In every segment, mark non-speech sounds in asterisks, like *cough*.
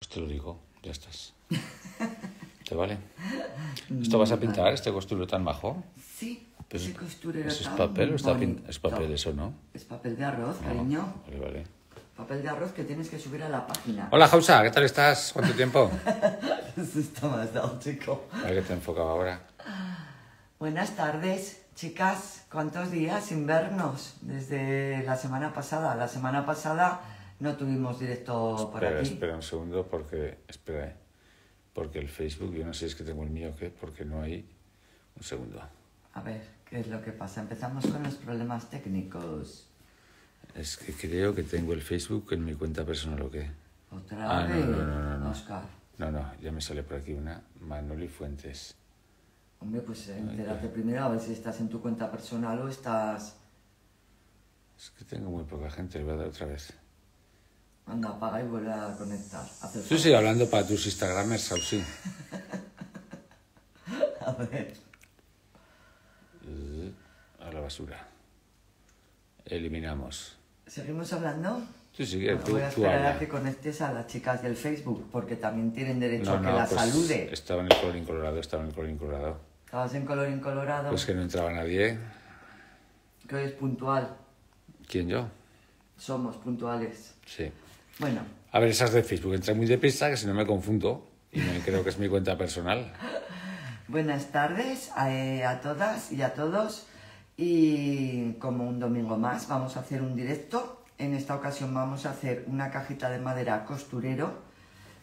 Pues te lo digo, ya estás. ¿Te vale? ¿Esto vas a pintar, este costurero tan bajo? Sí, es papel es papel eso, no? Es papel de arroz, ah, cariño. Vale, vale. Papel de arroz que tienes que subir a la página. Hola, Jausa, ¿qué tal estás? ¿Cuánto tiempo? Esto me has dado, chico. A ver qué te enfocaba ahora. Buenas tardes, chicas. ¿Cuántos días sin vernos? Desde la semana pasada. La semana pasada no tuvimos directo para por aquí. Espera un segundo porque, espera, eh. porque el Facebook, yo no sé si es que tengo el mío o qué, porque no hay... Un segundo. A ver, ¿qué es lo que pasa? Empezamos con los problemas técnicos. Es que creo que tengo el Facebook en mi cuenta personal o qué. Otra ah, vez, no, no, no, No, no, ya me sale por aquí una. Manoli Fuentes. Hombre, pues entérate primero a ver si estás en tu cuenta personal o estás... Es que tengo muy poca gente, le voy a dar otra vez. Anda, apaga y vuelve a conectar. Sí Tú hablando para tus Instagramers, sí. *laughs* a ver. Eh, a la basura. Eliminamos. ¿Seguimos hablando? Sí, sí, eh, voy a esperar a que conectes a las chicas del Facebook, porque también tienen derecho a que no, las pues salude. Estaba en color incolorado, estaba en color incolorado. ¿Estabas en color incolorado? Pues que no entraba nadie. Que hoy es puntual. ¿Quién, yo? Somos puntuales. Sí. Bueno. A ver, esas de Facebook. Entra muy deprisa, que si no me confundo. Y *laughs* creo que es mi cuenta personal. Buenas tardes eh, a, todas y a todos. Y como un domingo más, vamos a hacer un directo. En esta ocasión vamos a hacer una cajita de madera costurero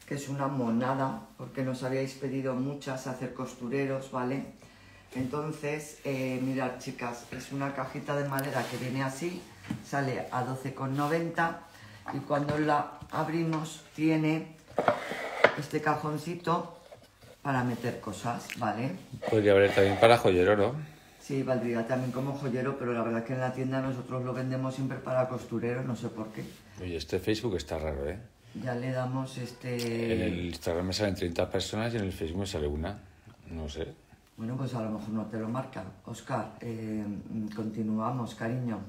que es una monada, porque nos habíais pedido muchas hacer costureros, ¿vale? Entonces, eh, mirad chicas, es una cajita de madera que viene así, sale a 12,90 y cuando la abrimos tiene este cajoncito para meter cosas, ¿vale? Podría pues haber también para joyero, ¿no? Sí, valdría también como joyero, pero la verdad es que en la tienda nosotros lo vendemos siempre para costureros, no sé por qué. Oye, este Facebook está raro, ¿eh? Ya le damos este... En el Instagram me salen 30 personas y en el Facebook me sale una, no sé. Bueno, pues a lo mejor no te lo marca. Oscar, eh, continuamos, cariño.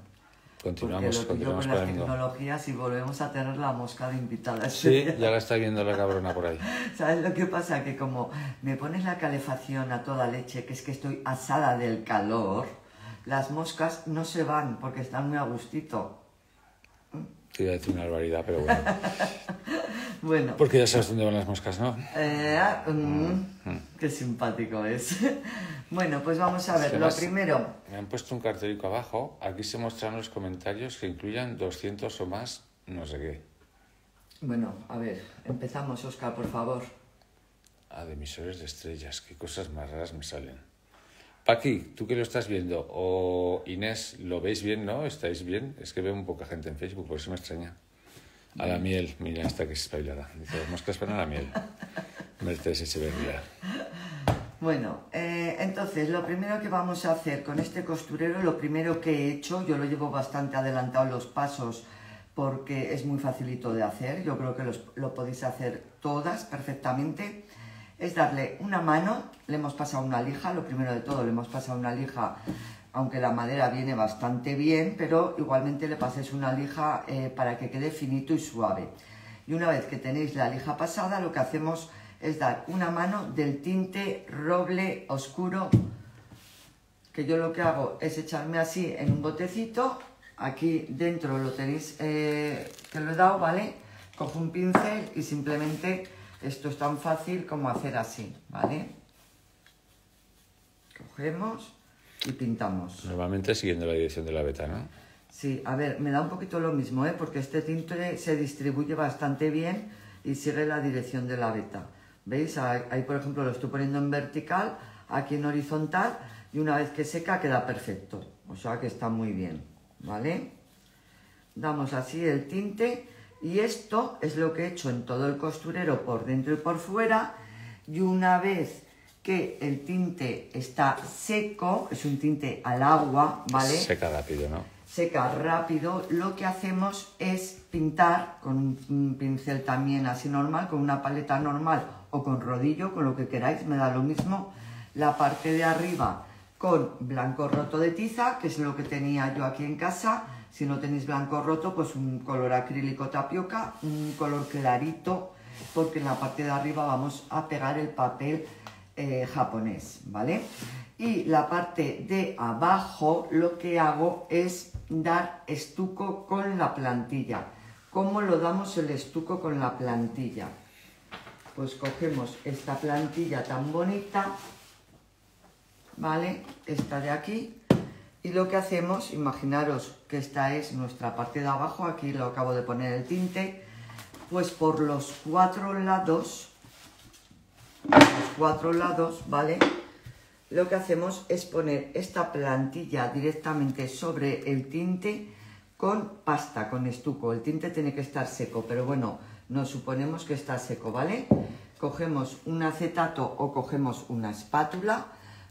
Continuamos, con las tecnologías y volvemos a tener la mosca de invitada. Sí, ya la está viendo la cabrona por ahí. *laughs* ¿Sabes lo que pasa? Que como me pones la calefacción a toda leche, que es que estoy asada del calor, las moscas no se van porque están muy a gustito que iba a una barbaridad, pero *laughs* bueno. Porque ya sabes dónde van las moscas, ¿no? Eh, ah, mm, mm, mm. Qué simpático es. *laughs* bueno, pues vamos a ver, lo primero. Me han puesto un cartelico abajo, aquí se muestran los comentarios que incluyan 200 o más, no sé qué. Bueno, a ver, empezamos, Oscar, por favor. Ah, de emisores de estrellas, qué cosas más raras me salen aquí tú que lo estás viendo, o Inés, ¿lo veis bien, no? ¿Estáis bien? Es que veo un poca gente en Facebook, por eso me extraña. A la miel, mira, hasta que se espabilada. Dice, las moscas a la miel. Mercedes Echeverría. Bueno, eh, entonces lo primero que vamos a hacer con este costurero, lo primero que he hecho, yo lo llevo bastante adelantado los pasos porque es muy facilito de hacer, yo creo que los, lo podéis hacer todas perfectamente es darle una mano, le hemos pasado una lija, lo primero de todo le hemos pasado una lija, aunque la madera viene bastante bien, pero igualmente le paséis una lija eh, para que quede finito y suave. Y una vez que tenéis la lija pasada, lo que hacemos es dar una mano del tinte roble oscuro, que yo lo que hago es echarme así en un botecito, aquí dentro lo tenéis eh, que lo he dado, ¿vale? Cojo un pincel y simplemente esto es tan fácil como hacer así, ¿vale? Cogemos y pintamos. Normalmente siguiendo la dirección de la veta. ¿no? Sí, a ver, me da un poquito lo mismo, ¿eh? Porque este tinte se distribuye bastante bien y sigue la dirección de la beta. ¿Veis? Ahí, por ejemplo, lo estoy poniendo en vertical, aquí en horizontal, y una vez que seca queda perfecto. O sea que está muy bien, ¿vale? Damos así el tinte y esto es lo que he hecho en todo el costurero por dentro y por fuera. Y una vez que el tinte está seco, es un tinte al agua, ¿vale? Seca rápido, ¿no? Seca rápido. Lo que hacemos es pintar con un pincel también así normal, con una paleta normal o con rodillo, con lo que queráis, me da lo mismo. La parte de arriba con blanco roto de tiza, que es lo que tenía yo aquí en casa si no tenéis blanco roto, pues un color acrílico tapioca, un color clarito, porque en la parte de arriba vamos a pegar el papel eh, japonés, ¿vale? Y la parte de abajo lo que hago es dar estuco con la plantilla. ¿Cómo lo damos el estuco con la plantilla? Pues cogemos esta plantilla tan bonita, ¿vale? Esta de aquí. Y lo que hacemos, imaginaros, que esta es nuestra parte de abajo, aquí lo acabo de poner el tinte, pues por los cuatro lados, los cuatro lados, ¿vale? Lo que hacemos es poner esta plantilla directamente sobre el tinte con pasta, con estuco. El tinte tiene que estar seco, pero bueno, nos suponemos que está seco, ¿vale? Cogemos un acetato o cogemos una espátula,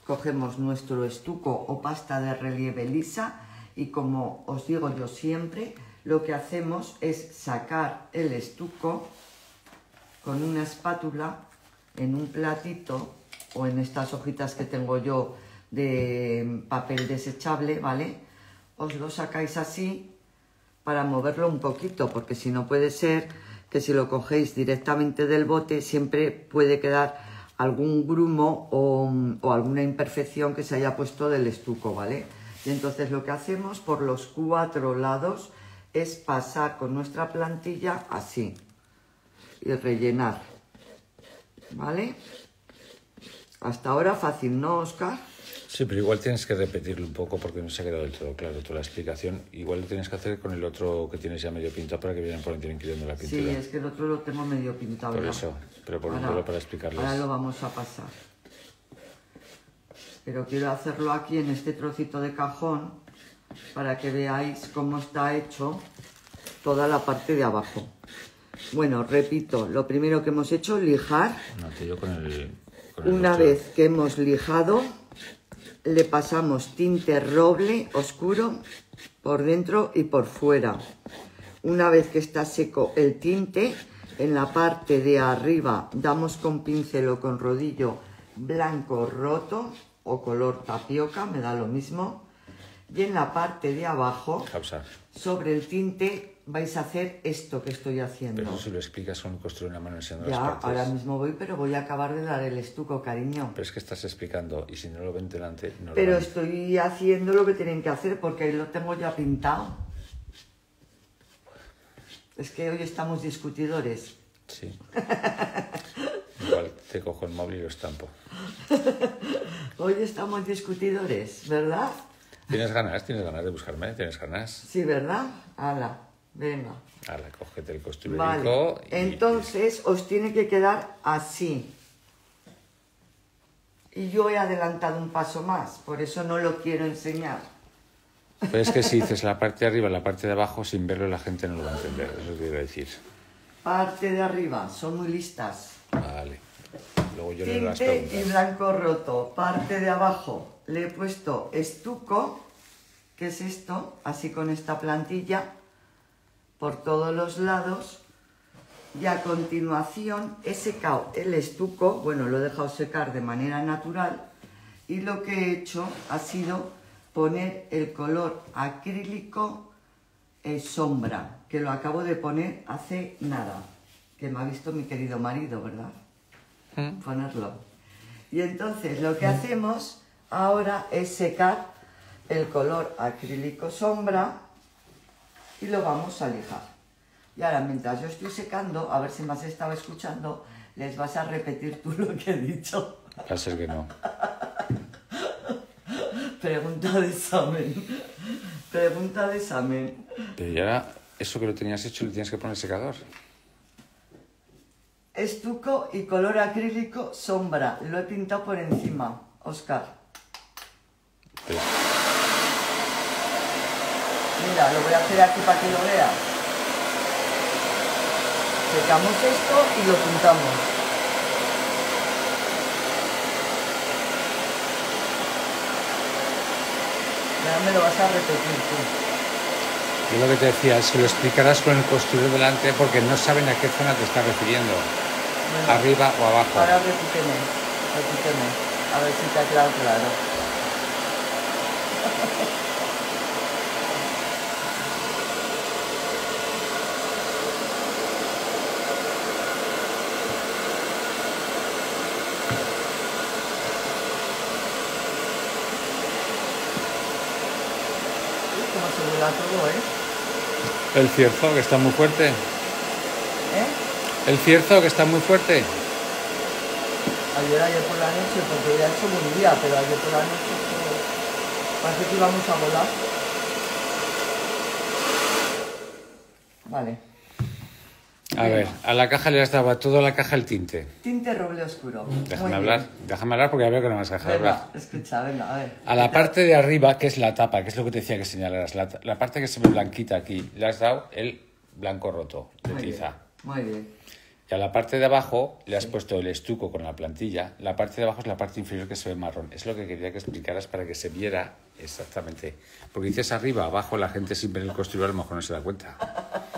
cogemos nuestro estuco o pasta de relieve lisa, y como os digo yo siempre, lo que hacemos es sacar el estuco con una espátula en un platito o en estas hojitas que tengo yo de papel desechable, ¿vale? Os lo sacáis así para moverlo un poquito, porque si no puede ser que si lo cogéis directamente del bote siempre puede quedar algún grumo o, alguna imperfección que se haya puesto del estuco, ¿vale? Y entonces lo que hacemos por los cuatro lados es pasar con nuestra plantilla así y rellenar, ¿vale? Hasta ahora fácil, ¿no, Oscar? Sí, pero igual tienes que repetirlo un poco porque no se ha quedado del todo claro toda la explicación. Igual lo tienes que hacer con el otro que tienes ya medio pintado para que vayan por dando la pintura. Sí, es que el otro lo tengo medio pintado. Por eso, pero por un para explicarles. Ahora lo vamos a pasar pero quiero hacerlo aquí en este trocito de cajón para que veáis cómo está hecho toda la parte de abajo. Bueno, repito, lo primero que hemos hecho, es lijar. Una vez que hemos lijado, le pasamos tinte roble oscuro por dentro y por fuera. Una vez que está seco el tinte, en la parte de arriba damos con pincel o con rodillo blanco roto o color tapioca, me da lo mismo. Y en la parte de abajo, sobre el tinte, vais a hacer esto que estoy haciendo. Pero si lo explicas con construir una mano enseñando las partes. ahora mismo voy, pero voy a acabar de dar el estuco, cariño. Pero es que estás explicando, y si no lo ven delante... No pero estoy haciendo lo que tienen que hacer, porque lo tengo ya pintado. Es que hoy estamos discutidores. Sí. *laughs* Igual te cojo el móvil y lo estampo. *laughs* Hoy estamos discutidores, ¿verdad? ¿Tienes ganas? ¿Tienes ganas de buscarme? ¿Tienes ganas? Sí, ¿verdad? Ala, venga. Ala, cógete el costurero. Vale. Entonces os tiene que quedar así. Y yo he adelantado un paso más, por eso no lo quiero enseñar. Pues es que si dices *laughs* la parte de arriba, la parte de abajo, sin verlo la gente no lo va a entender, eso quiero decir. Parte de arriba, son muy listas. Vale. Ah, y blanco roto, parte de abajo le he puesto estuco, que es esto, así con esta plantilla, por todos los lados. Y a continuación he secado el estuco, bueno, lo he dejado secar de manera natural. Y lo que he hecho ha sido poner el color acrílico sombra, que lo acabo de poner hace nada que me ha visto mi querido marido, ¿verdad? ¿Mm? Ponerlo. Y entonces lo que ¿Mm? hacemos ahora es secar el color acrílico sombra y lo vamos a lijar. Y ahora, mientras yo estoy secando, a ver si me has estado escuchando, les vas a repetir tú lo que he dicho. Va a ser que no. *laughs* Pregunta de examen. Pregunta de examen. Pero ya, eso que lo tenías hecho, lo tienes que poner secador estuco y color acrílico sombra. Lo he pintado por encima, Oscar. Mira, lo voy a hacer aquí para que lo veas. Secamos esto y lo pintamos. Ya me lo vas a repetir tú. Yo lo que te decía, es que lo explicarás con el costurero delante porque no saben a qué zona te está refiriendo arriba o abajo. Ahora repíteme, repíteme, a ver si te ha quedado claro. ...como cómo se vuela todo, ¿eh? El cierzo, que está muy fuerte. El cierzo, que está muy fuerte. Ayer, ayer por la noche, porque ya he hecho buen día, pero ayer por la noche parece que íbamos a volar. Vale. A ver, a la caja le has dado, a toda la caja el tinte. Tinte roble oscuro. Déjame hablar, déjame hablar porque ya veo que no me has dejado hablar. Escucha, venga, a ver. A la parte de arriba, que es la tapa, que es lo que te decía que señalaras, la, la parte que se ve blanquita aquí, le has dado el blanco roto de tiza. Muy bien. Y a la parte de abajo le has puesto el estuco con la plantilla. La parte de abajo es la parte inferior que se ve marrón. Es lo que quería que explicaras para que se viera exactamente. Porque dices arriba, abajo, la gente sin ver el costurero a lo mejor no se da cuenta. *laughs*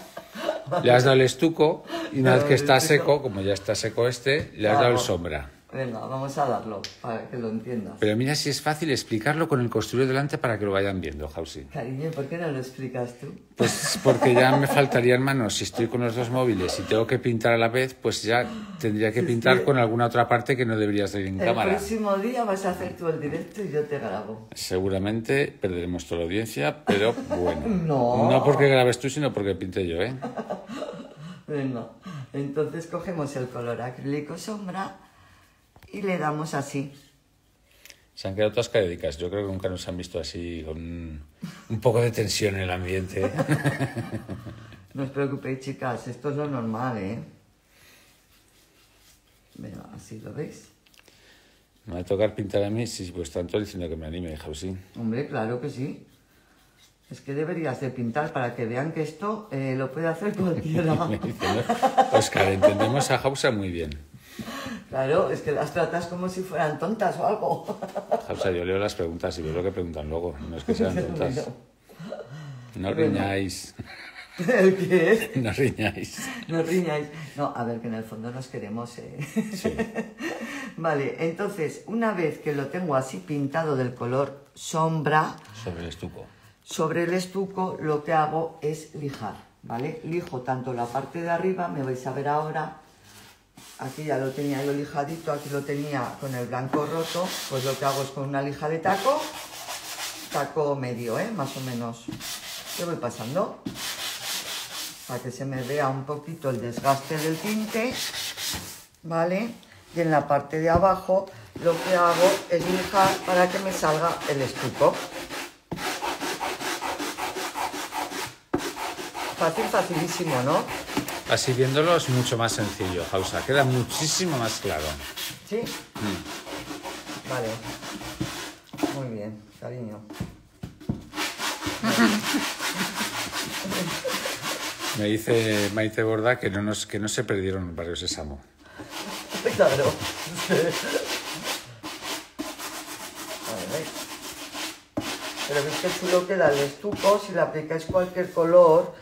Le has dado el estuco y una vez que está seco, como ya está seco este, le has dado el sombra. Venga, vamos a darlo para que lo entiendas. Pero mira si es fácil explicarlo con el construido delante para que lo vayan viendo, Jausi. Cariño, ¿por qué no lo explicas tú? Pues *laughs* porque ya me faltarían manos. Si estoy con los dos móviles y tengo que pintar a la vez, pues ya tendría que pintar con alguna otra parte que no debería salir en cámara. El próximo día vas a hacer tú el directo y yo te grabo. Seguramente perderemos toda la audiencia, pero bueno. *laughs* no. No porque grabes tú, sino porque pinte yo, ¿eh? *laughs* Venga, entonces cogemos el color acrílico sombra y le damos así. Se han quedado todas Yo creo que nunca nos han visto así, con un poco de tensión en el ambiente. *laughs* no os preocupéis, chicas, esto es lo normal, ¿eh? así lo veis. Me va a tocar pintar a mí, sí, pues tanto diciendo que me anime, hija, pues Hombre, claro que sí. Es que deberías de pintar para que vean que esto eh, lo puede hacer *laughs* cualquiera. *laughs* Oscar, entendemos a Hausa muy bien. Claro, es que las tratas como si fueran tontas o algo. O sea, yo leo las preguntas y veo lo que preguntan luego, no es que sean *laughs* tontas. No riñáis. *laughs* ¿El qué? *laughs* No riñáis. No riñáis. No, a ver, que en el fondo nos queremos. Eh. Sí. Vale, entonces, una vez que lo tengo así pintado del color sombra. Sobre el estuco. Sobre el estuco, lo que hago es lijar, ¿vale? Lijo tanto la parte de arriba, me vais a ver ahora, Aquí ya lo tenía yo lijadito, aquí lo tenía con el blanco roto. Pues lo que hago es con una lija de taco, taco medio, ¿eh? más o menos. Yo voy pasando para que se me vea un poquito el desgaste del tinte, ¿vale? Y en la parte de abajo lo que hago es lijar para que me salga el estuco. Fácil, facilísimo, ¿no? Así viéndolo es mucho más sencillo, Jausa. Queda muchísimo más claro. ¿Sí? Mm. Vale. Muy bien, cariño. Me dice Maite Borda que no, nos, que no se perdieron varios Sésamo. Claro. Pero ves que chulo queda el estuco si le aplicáis cualquier color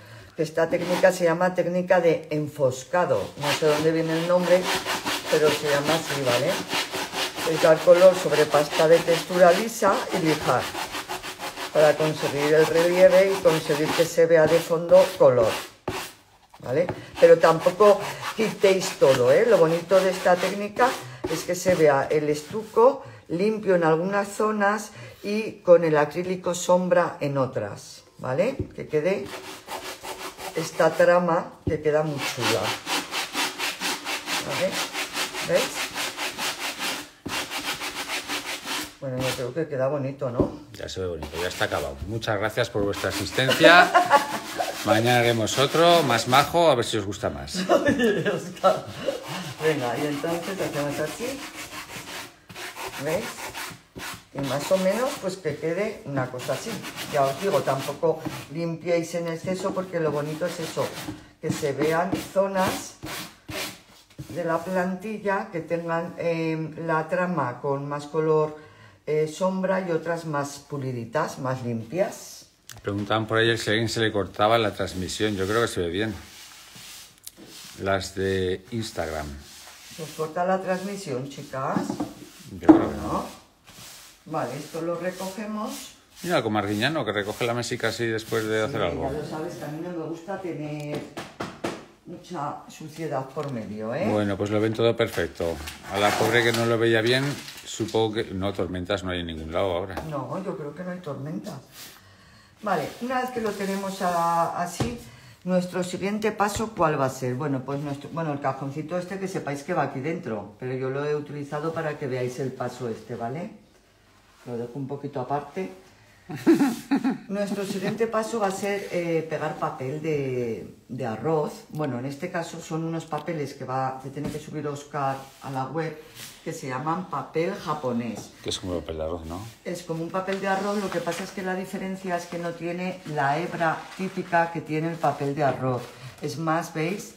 esta técnica se llama técnica de enfoscado. No sé dónde viene el nombre, pero se llama así, ¿vale? Es color sobre pasta de textura lisa y lijar para conseguir el relieve y conseguir que se vea de fondo color. ¿Vale? Pero tampoco quitéis todo, ¿eh? Lo bonito de esta técnica es que se vea el estuco limpio en algunas zonas y con el acrílico sombra en otras, ¿vale? Que quede esta trama te queda muy chula. ¿Vale? ¿Veis? Bueno, yo creo que queda bonito, ¿no? Ya se ve bonito, ya está acabado. Muchas gracias por vuestra asistencia. *laughs* Mañana haremos otro, más majo, a ver si os gusta más. *laughs* Venga, y entonces hacemos así. ¿Veis? y más o menos pues que quede una cosa así. Ya os digo, tampoco limpiéis en exceso porque lo bonito es eso, que se vean zonas de la plantilla que tengan em, la trama con más color eh, sombra y otras más puliditas, más limpias. Preguntaban por ahí si a alguien se le cortaba la transmisión. Yo creo que se ve bien. Las de Instagram. ¿Se corta la transmisión, chicas? Yo Vale, esto lo recogemos. Mira, como Arguiñano, que recoge la mesica así después de hacer algo. Ya lo sabes, que a mí no me gusta tener mucha suciedad por medio, ¿eh? Bueno, pues lo ven todo perfecto. A la pobre que no lo veía bien, supongo que... No, tormentas no hay en ningún lado ahora. No, yo creo que no hay tormentas. Vale, una vez que lo tenemos así, nuestro siguiente paso, ¿cuál va a ser? Bueno, pues nuestro, bueno, el cajoncito este que sepáis que va aquí dentro, pero yo lo he utilizado para que veáis el paso este, ¿vale? lo dejo un poquito aparte. *laughs* Nuestro siguiente paso va a ser eh, pegar papel de, arroz. Bueno, en este caso son unos papeles que, va, que tiene que subir Oscar a la web que se llaman papel japonés. Que es como un papel de arroz, ¿no? Es como un papel de arroz, lo que pasa es que la diferencia es que no tiene la hebra típica que tiene el papel de arroz. Es más, ¿veis?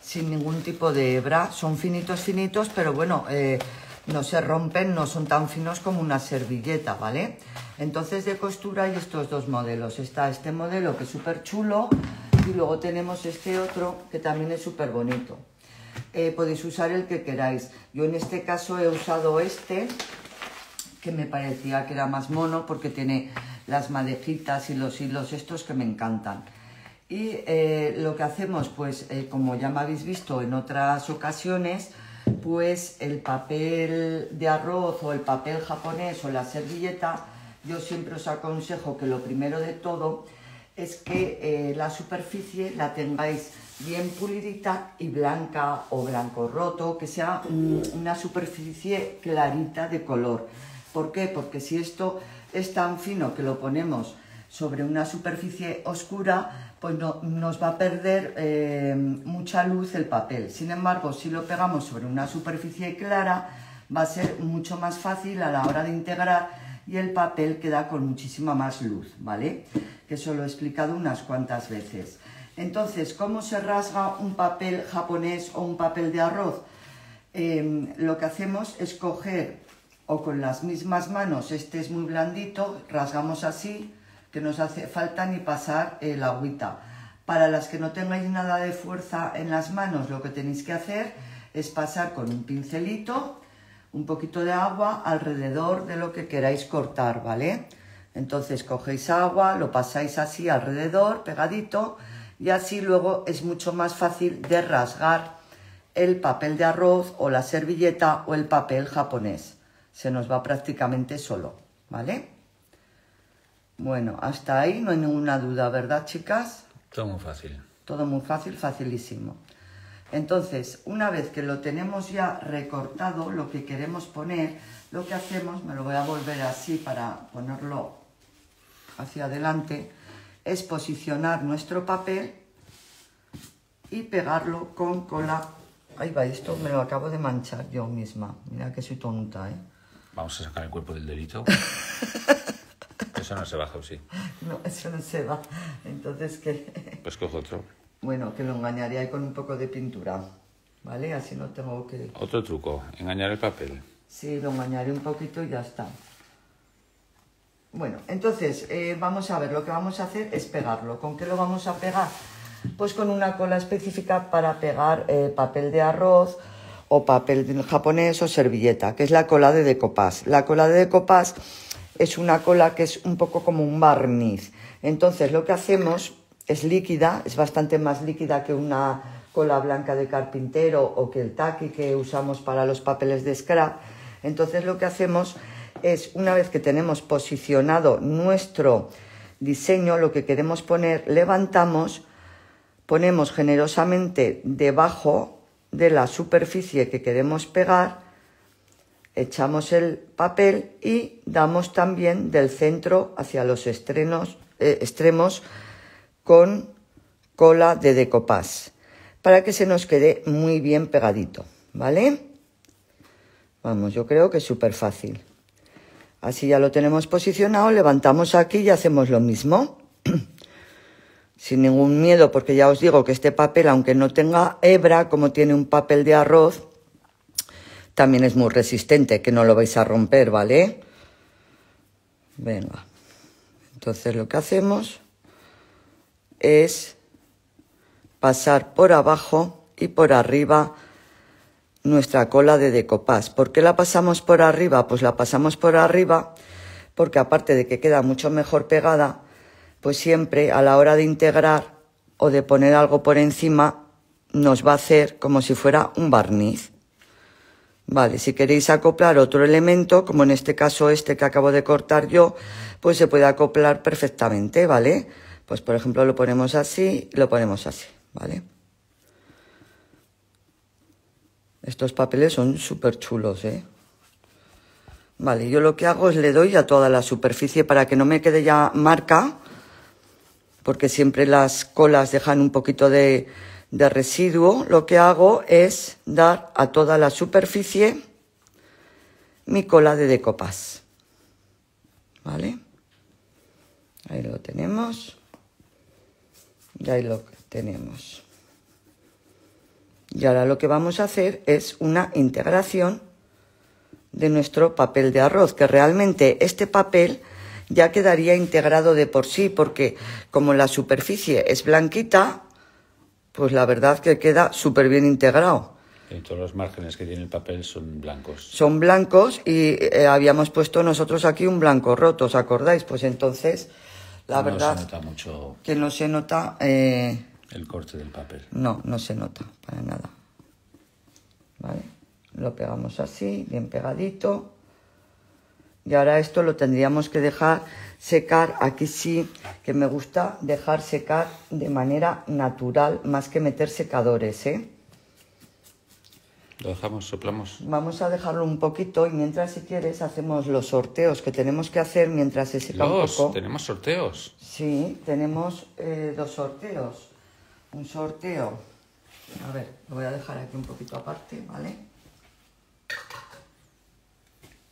Sin ningún tipo de hebra. Son finitos, finitos, pero bueno... Eh, no se rompen, no son tan finos como una servilleta, ¿vale? Entonces de costura hay estos dos modelos. Está este modelo que es súper chulo y luego tenemos este otro que también es súper bonito. Eh, podéis usar el que queráis. Yo en este caso he usado este, que me parecía que era más mono porque tiene las madejitas y los hilos estos que me encantan. Y eh, lo que hacemos, pues eh, como ya me habéis visto en otras ocasiones, pues el papel de arroz o el papel japonés o la servilleta, yo siempre os aconsejo que lo primero de todo es que eh, la superficie la tengáis bien pulidita y blanca o blanco roto, que sea una superficie clarita de color. ¿Por qué? Porque si esto es tan fino que lo ponemos sobre una superficie oscura, pues no, nos va a perder eh, mucha luz el papel. Sin embargo, si lo pegamos sobre una superficie clara, va a ser mucho más fácil a la hora de integrar y el papel queda con muchísima más luz, ¿vale? Que eso lo he explicado unas cuantas veces. Entonces, ¿cómo se rasga un papel japonés o un papel de arroz? Em, lo que hacemos es coger o con las mismas manos, este es muy blandito, rasgamos así, que nos hace falta ni pasar el eh, agüita. Para las que no tengáis nada de fuerza en las manos, lo que tenéis que hacer es pasar con un pincelito un poquito de agua alrededor de lo que queráis cortar, ¿vale? Entonces cogéis agua, lo pasáis así alrededor, pegadito, y así luego es mucho más fácil de rasgar el papel de arroz o la servilleta o el papel japonés. Se nos va prácticamente solo, ¿vale? Bueno, hasta ahí no hay ninguna duda, ¿verdad, chicas? Todo muy fácil. Todo muy fácil, facilísimo. Entonces, una vez que lo tenemos ya recortado, lo que queremos poner, lo que hacemos, me lo voy a volver así para ponerlo hacia adelante, es posicionar nuestro papel y pegarlo con cola. Ahí va, esto me lo acabo de manchar yo misma. Mira que soy tonta, ¿eh? Vamos a sacar el cuerpo del delito. *laughs* Eso no se baja, ¿o sí? No, eso no se va. Entonces, ¿qué? Pues cojo otro. Bueno, que lo engañaría ahí con un poco de pintura, ¿vale? Así no tengo que... Otro truco, engañar el papel. Sí, lo engañaré un poquito y ya está. Bueno, entonces, eh, vamos a ver, lo que vamos a hacer es pegarlo. ¿Con qué lo vamos a pegar? Pues con una cola específica para pegar eh, papel de arroz o papel japonés o servilleta, que es la cola de decopás. La cola de decopás es una cola que es un poco como un barniz. Entonces lo que hacemos es líquida, es bastante más líquida que una cola blanca de carpintero o que el taqui que usamos para los papeles de scrap. Entonces lo que hacemos es, una vez que tenemos posicionado nuestro diseño, lo que queremos poner, levantamos, ponemos generosamente debajo de la superficie que queremos pegar echamos el papel y damos también del centro hacia los eh, extremos con cola de decopás para que se nos quede muy bien pegadito, ¿vale? Vamos, yo creo que es súper fácil. Así ya lo tenemos posicionado, levantamos aquí y hacemos lo mismo. *clears throat* Sin ningún miedo, porque ya os digo que este papel, aunque no tenga hebra, como tiene un papel de arroz, también es muy resistente, que no lo vais a romper, ¿vale? Venga. Entonces lo que hacemos es pasar por abajo y por arriba nuestra cola de decopás. ¿Por qué la pasamos por arriba? Pues la pasamos por arriba porque aparte de que queda mucho mejor pegada, pues siempre a la hora de integrar o de poner algo por encima nos va a hacer como si fuera un barniz. Vale, si queréis acoplar otro elemento, como en este caso este que acabo de cortar yo, pues se puede acoplar perfectamente, ¿vale? Pues por ejemplo lo ponemos así y lo ponemos así, ¿vale? Estos papeles son súper chulos, ¿eh? Vale, yo lo que hago es le doy a toda la superficie para que no me quede ya marca, porque siempre las colas dejan un poquito de, de residuo lo que hago es dar a toda la superficie mi cola de decopas. ¿Vale? Ahí lo tenemos. Y ahí lo tenemos. Y ahora lo que vamos a hacer es una integración de nuestro papel de arroz, que realmente este papel ya quedaría integrado de por sí, porque como la superficie es blanquita, pues la verdad que queda súper bien integrado. Y todos los márgenes que tiene el papel son blancos. Son blancos y eh, habíamos puesto nosotros aquí un blanco roto, ¿os acordáis? Pues entonces, la no verdad... Se nota mucho... Que no se nota... Eh, el corte del papel. No, no se nota para nada. ¿Vale? Lo pegamos así, bien pegadito. Y ahora esto lo tendríamos que dejar secar, aquí sí que me gusta dejar secar de manera natural, más que meter secadores, ¿eh? Lo dejamos, soplamos. Vamos a dejarlo un poquito y mientras, si quieres, hacemos los sorteos que tenemos que hacer mientras se seca ¿Tenemos sorteos? Sí, tenemos eh, dos sorteos. Un sorteo. A ver, lo voy a dejar aquí un poquito aparte, ¿vale?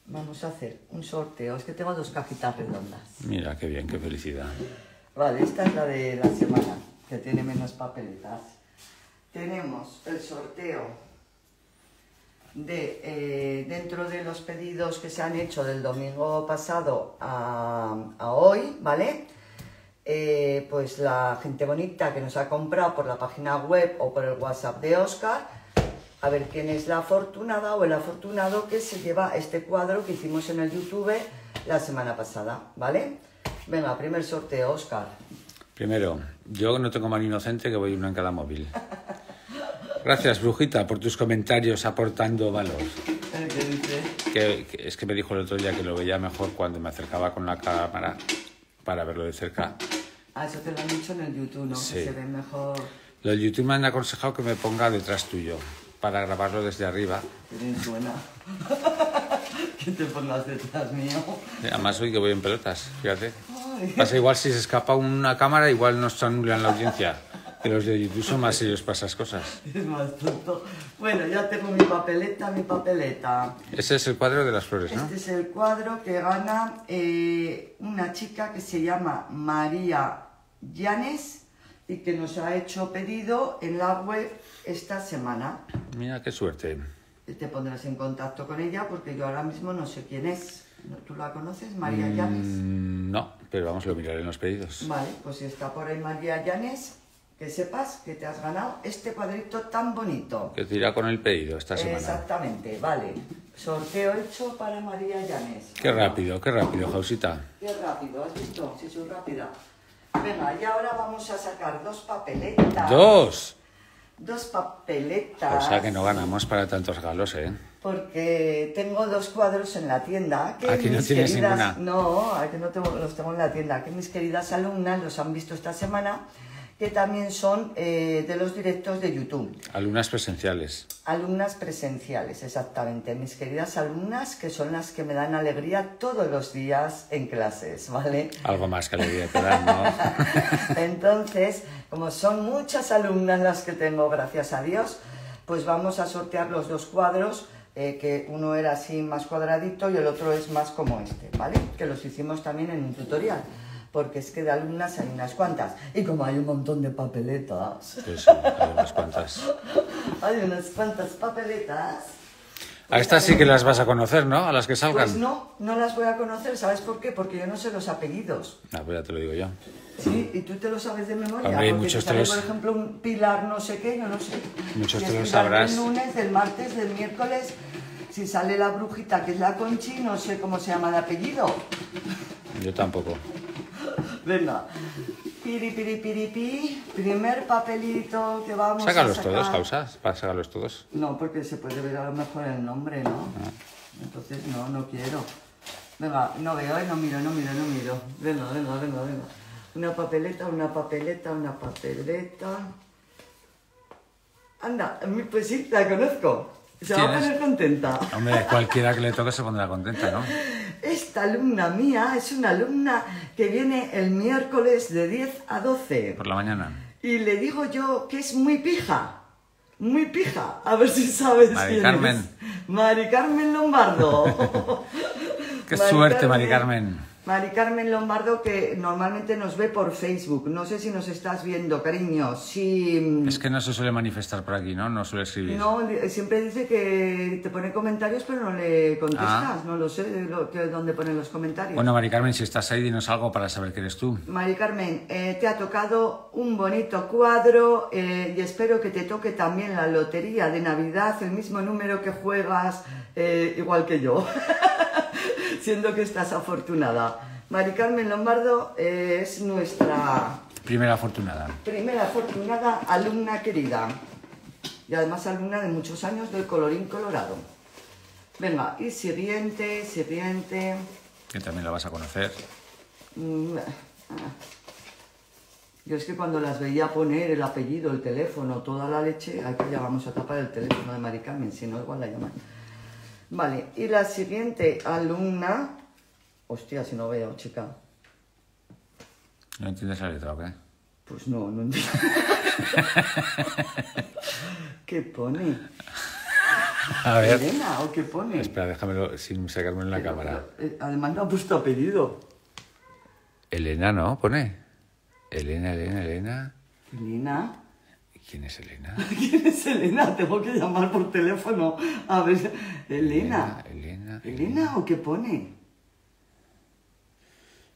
Vamos a hacer un sorteo. Es que tengo dos cajitas redondas. Mira, qué bien, qué felicidad. Vale, esta es la de la semana, que tiene menos papeletas. Tenemos el sorteo de, eh, dentro de los pedidos que se han hecho del domingo pasado a, hoy, ¿vale? Eh, pues la gente bonita que nos ha comprado por la página web o por el WhatsApp de Oscar, a ver quién es la afortunada o el afortunado que se lleva este cuadro que hicimos en el YouTube la semana pasada, ¿vale? Venga, primer sorteo, Oscar. Primero, yo no tengo mano inocente que voy una en cada móvil. Gracias, Brujita, por tus comentarios aportando valor. ¿Qué dice? Que, es que me dijo el otro día que lo veía mejor cuando me acercaba con la cámara para verlo de cerca. Ah, eso te lo han dicho en el YouTube, ¿no? se ve mejor. Lo del YouTube me han aconsejado que me ponga detrás tuyo para grabarlo desde arriba. Suena? *laughs* que te pongas detrás mío. Además hoy que voy en pelotas, fíjate. Pasa igual si se escapa una cámara, igual nos anulan la audiencia. Que los de YouTube son más serios para esas cosas. Es más tonto. Bueno, ya tengo mi papeleta, mi papeleta. Ese es el cuadro de las flores, ¿no? Este es el cuadro que gana eh, una chica que se llama María Llanes y que nos ha hecho pedido en la web esta semana. Mira qué suerte. Te pondrás en contacto con ella porque yo ahora mismo no sé quién es. ¿Tú la conoces, María mm, Llanes? No, pero vamos, a mirar en los pedidos. Vale, pues si está por ahí María Llanes, que sepas que te has ganado este cuadrito tan bonito. Que te irá con el pedido esta semana. Exactamente, vale. Sorteo hecho para María Llanes. Qué rápido, qué rápido, Jausita. Qué rápido, ¿has visto? Sí, soy rápida. Venga, y ahora vamos a sacar dos papeletas. ¡Dos! Dos papeletas. O sea que no ganamos para tantos galos, ¿eh? Porque tengo dos cuadros en la tienda. Que aquí no tienes queridas, ninguna. No, aquí no los tengo en la tienda. Que mis queridas alumnas los han visto esta semana que también son eh, de los directos de YouTube. Alumnas presenciales. Alumnas presenciales, exactamente. Mis queridas alumnas, que son las que me dan alegría todos los días en clases, ¿vale? Algo más que alegría ¿no? *laughs* Entonces, como son muchas alumnas las que tengo, gracias a Dios, pues vamos a sortear los dos cuadros, eh, que uno era así más cuadradito y el otro es más como este, ¿vale? Que los hicimos también en un tutorial porque es que de alumnas hay unas cuantas. Y como hay un montón de papeletas. hay unas cuantas. *laughs* hay unas cuantas papeletas. a estas sí que las vas a conocer, ¿no? A las que salgan. Pues no, no las voy a conocer. ¿Sabes por qué? Porque yo no sé los apellidos. Ah, ya te lo digo yo. Sí, y tú te lo sabes de memoria. porque muchos por ejemplo, un Pilar no sé qué, yo no sé. Muchos te sabrás. El lunes, el martes, el miércoles, si sale la brujita, que es la Conchi, no sé cómo se llama de apellido. Yo tampoco. Venga. piripiripiripi, Primer papelito que vamos a sacar. todos, causas, para sacarlos todos. No, porque se puede ver a lo mejor el nombre, ¿no? Ah. Entonces, no, no quiero. Venga, no veo, eh, no miro, no miro, no miro. Venga, venga, venga, venga. Una papeleta, una papeleta, una papeleta. Anda, pues sí, la conozco. Se va a poner contenta. Hombre, cualquiera que le toque se pondrá contenta, ¿no? Esta alumna mía es una alumna que viene el miércoles de 10 a 12. Por la mañana. Y le digo yo que es muy pija. Muy pija. A ver si sabes quién Carmen. es. Mari Carmen Lombardo. *laughs* Qué suerte, Mari Carmen. Mari Carmen Lombardo, que normalmente nos ve por Facebook. No sé si nos estás viendo, cariño. Si... Mm, es que no se suele manifestar por aquí, ¿no? No suele escribir. No, siempre dice que te pone comentarios, pero no le contestas. Ah. No lo sé lo, dónde ponen los comentarios. Bueno, Mari Carmen, si estás ahí, dinos algo para saber que eres tú. Mari Carmen, eh, te ha tocado un bonito cuadro eh, y espero que te toque también la lotería de Navidad, el mismo número que juegas, eh, igual que yo. *laughs* Siendo que estás afortunada. Mari Carmen Lombardo eh, es nuestra... Primera afortunada. Primera afortunada, alumna querida. Y además alumna de muchos años del Colorín Colorado. Venga, y siguiente, siguiente... Que también la vas a conocer. Mm, ah. Yo es que cuando las veía poner el apellido, el teléfono, toda la leche, aquí ya vamos a tapar el teléfono de Mari Carmen, si no igual la llaman. Vale, y la siguiente alumna Hostia, si no veo, chica. ¿No entiendes la letra o qué? Pues no, no entiendo. *laughs* ¿Qué pone? A ver. ¿Elena o qué pone? Espera, déjamelo sin sacarme en la cámara. Eh, además no ha puesto apellido. Elena no, pone. Elena, Elena, Elena. Elena. ¿Quién es Elena? *laughs* ¿Quién es Elena? Tengo que llamar por teléfono. A ver, Elena. ¿Elena, Elena. o qué pone?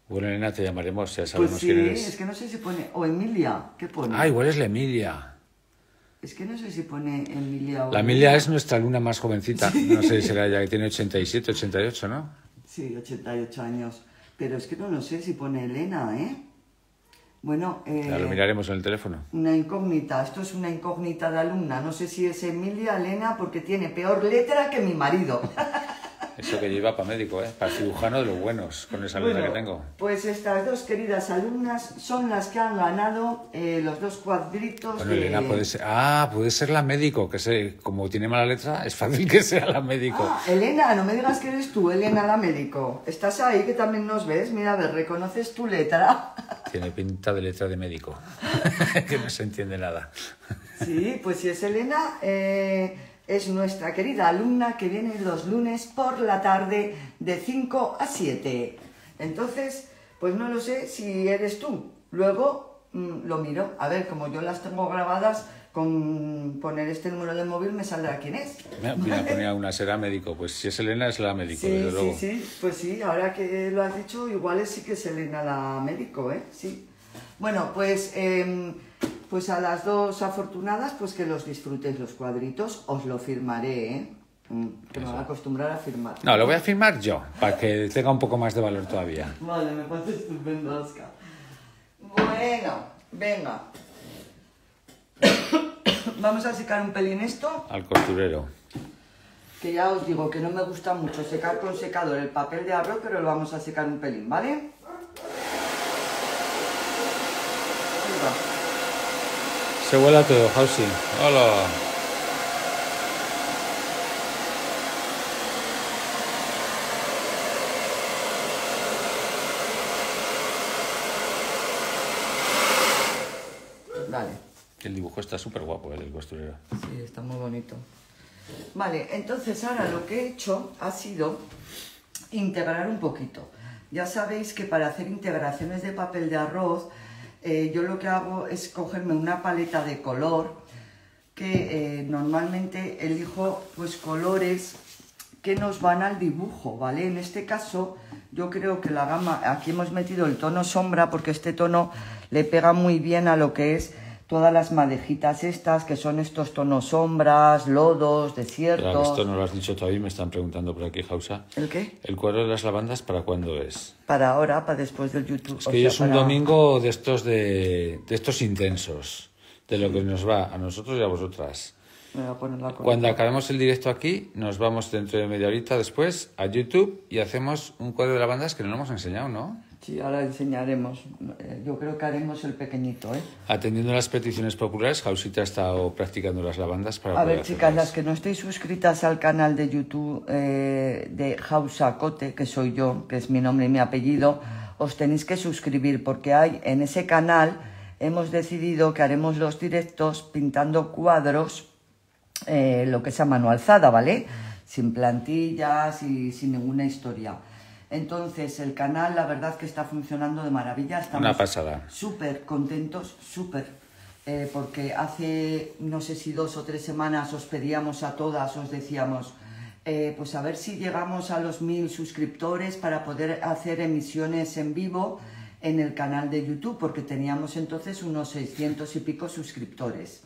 Bueno, Elena, te llamaremos, ya pues sabemos pues sí, es que no sé si pone... O Emilia, ¿qué pone? Ah, igual es la Emilia. Es que no sé si pone Emilia o... La Emilia es nuestra alumna más jovencita. No sé, si será ella, que tiene 87, 88, ¿no? Sí, 88 años. Pero es que no sé si pone Elena, ¿eh? Bueno... Eh, lo miraremos en el teléfono. Una incógnita. Esto es una incógnita de alumna. No sé si es Emilia, Elena, porque tiene peor letra que mi marido. *laughs* Eso que yo iba para médico, ¿eh? para cirujano de los buenos, con esa letra que tengo. Pues estas dos queridas alumnas son las que han ganado eh, los dos cuadritos. Elena, puede ser... Ah, puede ser la médico, que sé, como tiene mala letra, es fácil que sea la médico. Ah, Elena, no me digas que eres tú, Elena la médico. Estás ahí, que también nos ves. Mira, a ver, ¿reconoces tu letra? *laughs* Tiene pinta de letra de médico, *laughs* que no se entiende nada. sí, pues si es Elena... Eh, es nuestra querida alumna que viene los lunes por la tarde de 5 a 7. Entonces, pues no lo sé si eres tú. Luego mm, lo miro. A ver, como yo las tengo grabadas, con poner este número de móvil me saldrá quién es. Mira, ponía una, será médico. Pues si es Elena, es la médico, sí, sí, Sí, pues sí, ahora que lo has dicho, igual es sí que es Elena la médico, ¿eh? Sí. Bueno, pues... Em, pues a las dos afortunadas, pues que los disfrutéis los cuadritos, os lo firmaré, ¿eh? Mm, que me voy a acostumbrar a firmar. No, lo voy a firmar yo, para que tenga un poco más de valor todavía. Vale, me parece estupendo, Oscar. Bueno, venga. *coughs* Vamos a secar un pelín esto. Al costurero. Que ya os digo que no me gusta mucho secar con secador el papel de arroz, pero lo vamos a secar un pelín, ¿vale? Se vuela todo, Hausi. ¡Hola! Vale. El dibujo está súper guapo, eh, el costurero. Sí, está muy bonito. Vale, entonces ahora lo que he hecho ha sido integrar un poquito. Ya sabéis que para hacer integraciones de papel de arroz eh, yo lo que hago es cogerme una paleta de color que eh, normalmente elijo pues colores que nos van al dibujo, ¿vale? En este caso yo creo que la gama, aquí hemos metido el tono sombra porque este tono le pega muy bien a lo que es todas las madejitas estas, que son estos tonos sombras, lodos, desiertos... Claro, esto no lo has dicho todavía me están preguntando por aquí, Jausa. ¿El qué? ¿El cuadro de las lavandas para cuándo es? Para ahora, para después del YouTube. Es que o es un domingo de estos, de, de estos intensos, de lo que nos va a nosotros y a vosotras. Cuando acabemos el directo aquí, nos vamos dentro de media horita después a YouTube y hacemos un cuadro de lavandas que no lo hemos enseñado, ¿no? Sí, ahora enseñaremos. Eh, yo creo que haremos el pequeñito. ¿eh? Atendiendo las peticiones populares, Jausita ha estado practicando las lavandas para. A ver, chicas, las que no estéis suscritas al canal de YouTube eh, de Jausa Cote, que soy yo, que es mi nombre y mi apellido, os tenéis que suscribir porque hay en ese canal hemos decidido que haremos los directos pintando cuadros, eh, lo que es a mano alzada, ¿vale? Sin plantillas y sin ninguna historia. Entonces, el canal, la verdad que está funcionando de maravilla. Estamos pasada. Súper contentos, súper. Eh, porque hace, no sé si dos o tres semanas os pedíamos a todas, os decíamos, eh, pues a ver si llegamos a los mil suscriptores para poder hacer emisiones en vivo en el canal de YouTube, porque teníamos entonces unos seiscientos y pico suscriptores.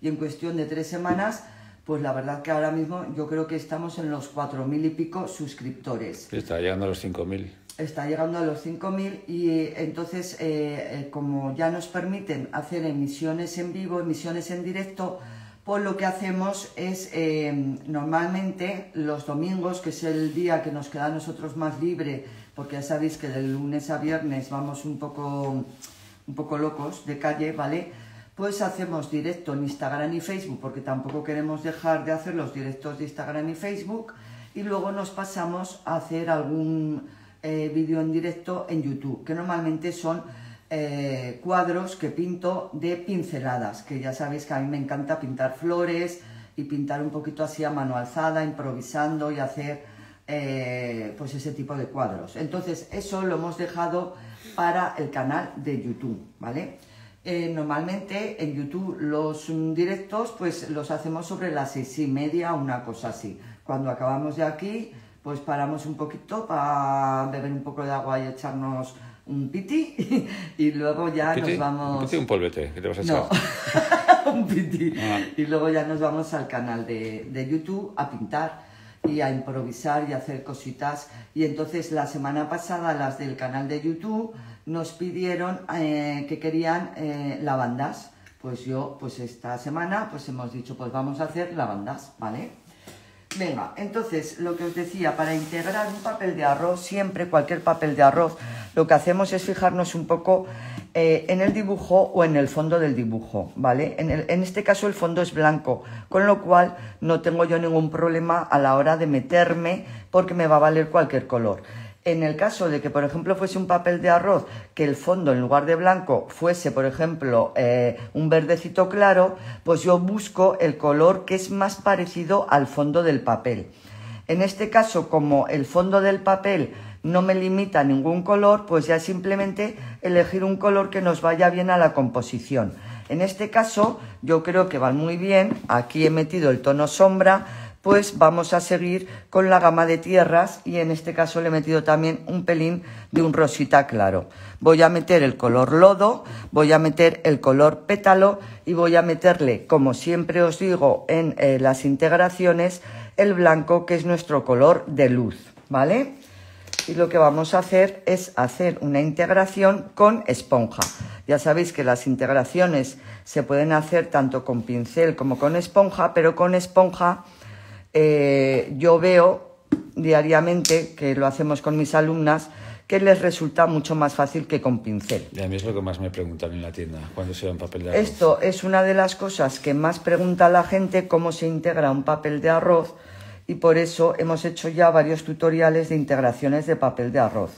Y en cuestión de tres semanas pues la verdad que ahora mismo yo creo que estamos en los 4.000 y pico suscriptores. Está llegando a los 5.000. Está llegando a los 5.000 y eh, entonces eh, eh, como ya nos permiten hacer emisiones en vivo, emisiones en directo, pues lo que hacemos es normalmente los domingos, que es el día que nos queda a nosotros más libre, porque ya sabéis que de lunes a viernes vamos un poco, un poco locos de calle, ¿vale? pues hacemos directo en Instagram y Facebook, porque tampoco queremos dejar de hacer los directos de Instagram y Facebook, y luego nos pasamos a hacer algún eh, vídeo en directo en YouTube, que normalmente son eh, cuadros que pinto de pinceladas, que ya sabéis que a mí me encanta pintar flores y pintar un poquito así a mano alzada, improvisando y hacer eh, pues ese tipo de cuadros. Entonces eso lo hemos dejado para el canal de YouTube, ¿vale? Eh, normalmente en YouTube los mm, directos pues los hacemos sobre las seis y media, una cosa así. Cuando acabamos de aquí, pues paramos un poquito para beber un poco de agua y echarnos un piti *laughs* y luego ya nos vamos... ¿Un piti un polvete? que te vas a echar? *laughs* un piti. Ah. Y luego ya nos vamos al canal de, de YouTube a pintar y a improvisar y hacer cositas. Y entonces la semana pasada las del canal de YouTube nos pidieron eh, que querían eh, lavandas. Pues yo, pues esta semana, pues hemos dicho, pues vamos a hacer lavandas, ¿vale? Venga, entonces, lo que os decía, para integrar un papel de arroz, siempre cualquier papel de arroz, lo que hacemos es fijarnos un poco eh, en el dibujo o en el fondo del dibujo, ¿vale? En, el, en, este caso el fondo es blanco, con lo cual no tengo yo ningún problema a la hora de meterme porque me va a valer cualquier color. En el caso de que, por ejemplo, fuese un papel de arroz, que el fondo en lugar de blanco fuese, por ejemplo, eh, un verdecito claro, pues yo busco el color que es más parecido al fondo del papel. En este caso, como el fondo del papel no me limita ningún color, pues ya simplemente elegir un color que nos vaya bien a la composición. En este caso, yo creo que va muy bien. Aquí he metido el tono sombra, pues vamos a seguir con la gama de tierras y en este caso le he metido también un pelín de un rosita claro. Voy a meter el color lodo, voy a meter el color pétalo y voy a meterle, como siempre os digo en eh, las integraciones, el blanco que es nuestro color de luz, ¿vale? Y lo que vamos a hacer es hacer una integración con esponja. Ya sabéis que las integraciones se pueden hacer tanto con pincel como con esponja, pero con esponja eh, yo veo diariamente, que lo hacemos con mis alumnas, que les resulta mucho más fácil que con pincel. Y a mí es lo que más me preguntan en la tienda, cuando se da un papel de arroz. Esto es una de las cosas que más pregunta la gente, cómo se integra un papel de arroz, y por eso hemos hecho ya varios tutoriales de integraciones de papel de arroz,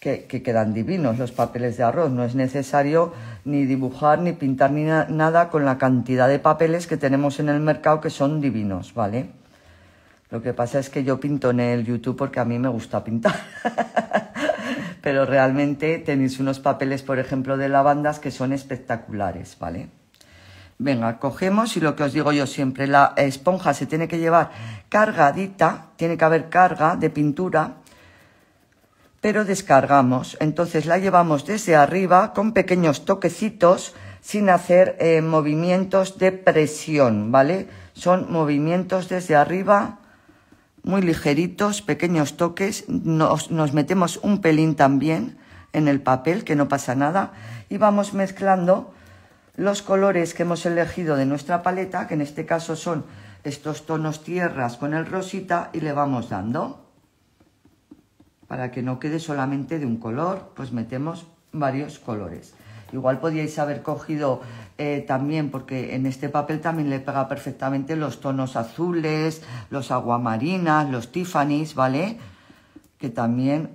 que, quedan divinos los papeles de arroz. No es necesario ni dibujar, ni pintar, ni nada con la cantidad de papeles que tenemos en el mercado, que son divinos, ¿vale? Lo que pasa es que yo pinto en el YouTube porque a mí me gusta pintar. *laughs* Pero realmente tenéis unos papeles, por ejemplo, de lavandas que son espectaculares, ¿vale? Venga, cogemos y lo que os digo yo siempre, la esponja se tiene que llevar cargadita, tiene que haber carga de pintura, pero descargamos. Entonces la llevamos desde arriba con pequeños toquecitos sin hacer eh, movimientos de presión, ¿vale? Son movimientos desde arriba muy ligeritos, pequeños toques, nos, nos metemos un pelín también en el papel, que no pasa nada, y vamos mezclando los colores que hemos elegido de nuestra paleta, que en este caso son estos tonos tierras con el rosita, y le vamos dando. Para que no quede solamente de un color, pues metemos varios colores. Igual podíais haber cogido eh, también, porque en este papel también le pega perfectamente los tonos azules, los aguamarinas, los Tiffany's, ¿vale? Que también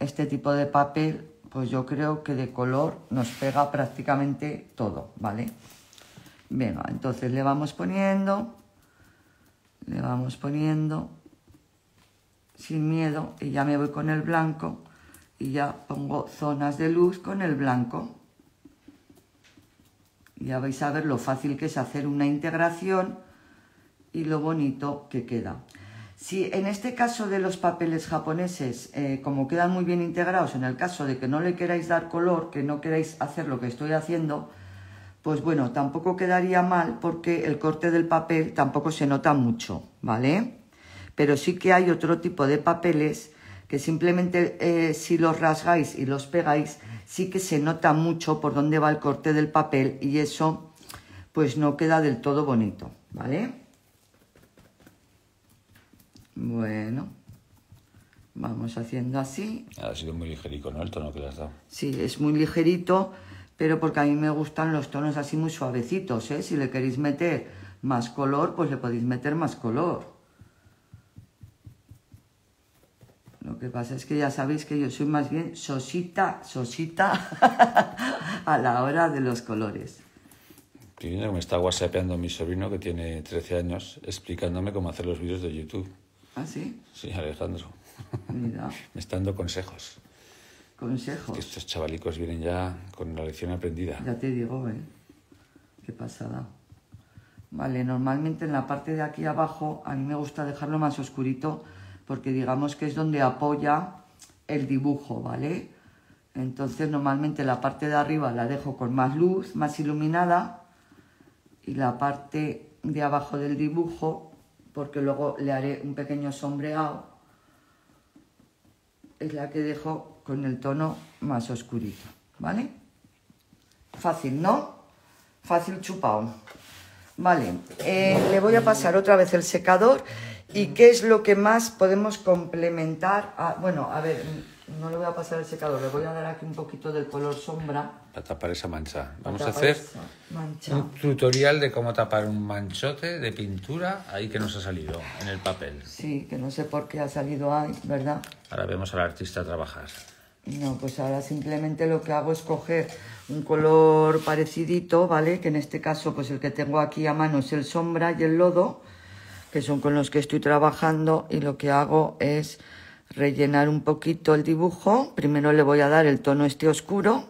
este tipo de papel, pues yo creo que de color nos pega prácticamente todo, ¿vale? Venga, entonces le vamos poniendo, le vamos poniendo sin miedo y ya me voy con el blanco y ya pongo zonas de luz con el blanco. Ya vais a ver lo fácil que es hacer una integración y lo bonito que queda. Si en este caso de los papeles japoneses, eh, como quedan muy bien integrados, en el caso de que no le queráis dar color, que no queráis hacer lo que estoy haciendo, pues bueno, tampoco quedaría mal porque el corte del papel tampoco se nota mucho, ¿vale? Pero sí que hay otro tipo de papeles que simplemente eh, si los rasgáis y los pegáis, sí que se nota mucho por dónde va el corte del papel y eso pues no queda del todo bonito, ¿vale? Bueno, vamos haciendo así. Ha sido muy ligerito, ¿no? El tono que le has dado. Sí, es muy ligerito, pero porque a mí me gustan los tonos así muy suavecitos, ¿eh? Si le queréis meter más color, pues le podéis meter más color. Lo que pasa es que ya sabéis que yo soy más bien sosita, sosita *laughs* a la hora de los colores. Primero me está whatsappeando mi sobrino que tiene 13 años explicándome cómo hacer los vídeos de YouTube. ¿Ah, sí? Sí, Alejandro. *laughs* me está dando consejos. Consejos. estos chavalicos vienen ya con la lección aprendida. Ya te digo, ¿eh? Qué pasada. Vale, normalmente en la parte de aquí abajo a mí me gusta dejarlo más oscurito porque digamos que es donde apoya el dibujo, ¿vale? Entonces normalmente la parte de arriba la dejo con más luz, más iluminada y la parte de abajo del dibujo, porque luego le haré un pequeño sombreado, es la que dejo con el tono más oscurito, ¿vale? Fácil, ¿no? Fácil chupado. Vale, eh, le voy a pasar otra vez el secador. ¿Y qué es lo que más podemos complementar? bueno, a ver, no le voy a pasar el secador, le voy a dar aquí un poquito del color sombra. Para tapar esa mancha. Vamos a hacer un tutorial de cómo tapar un manchote de pintura ahí que nos ha salido en el papel. Sí, que no sé por qué ha salido ahí, ¿verdad? Ahora vemos al artista trabajar. No, pues ahora simplemente lo que hago es coger un color parecidito, ¿vale? Que en este caso, pues el que tengo aquí a mano es el sombra y el lodo que son con los que estoy trabajando y lo que hago es rellenar un poquito el dibujo. Primero le voy a dar el tono este oscuro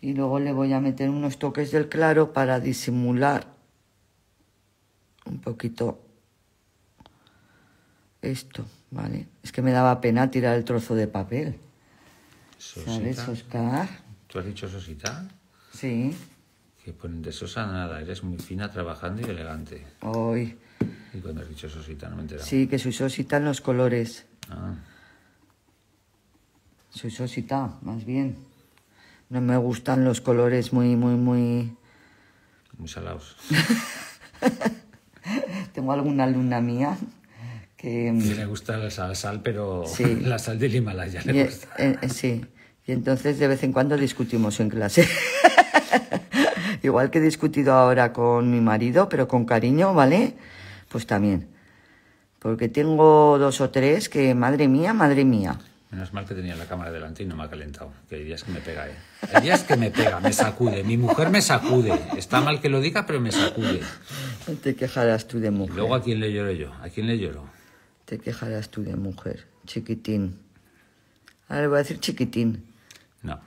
y luego le voy a meter unos toques del claro para disimular un poquito esto, ¿vale? Es que me daba pena tirar el trozo de papel. Sosita. ¿Tú has dicho Sosita? Sí. Que ponen pues de Sosa nada, eres muy fina trabajando y elegante. Hoy. Y cuando has dicho Sosita, no me Sí, que soy Sosita en los colores. Ah. Soy Sosita, más bien. No me gustan los colores muy, muy, muy. Muy salados. *laughs* Tengo alguna alumna mía que. Mm, sí, le gusta la sal, pero *laughs* la sal del Himalaya le gusta. Eh, eh, sí. Y entonces de vez en cuando discutimos en clase. *laughs* Igual que he discutido ahora con mi marido, pero con cariño, ¿vale? pues también. Porque tengo dos o tres que, madre mía, madre mía. Menos mal que tenía la cámara delante y no me ha calentado. Que hay días que me pega, ¿eh? días que me pega, me sacude. Mi mujer me sacude. Está mal que lo diga, pero me sacude. Te quejarás tú de mujer. luego, ¿a quién le lloro yo? ¿A quién le lloro? Te quejarás tú de mujer, chiquitín. Ahora le voy a decir chiquitín. No.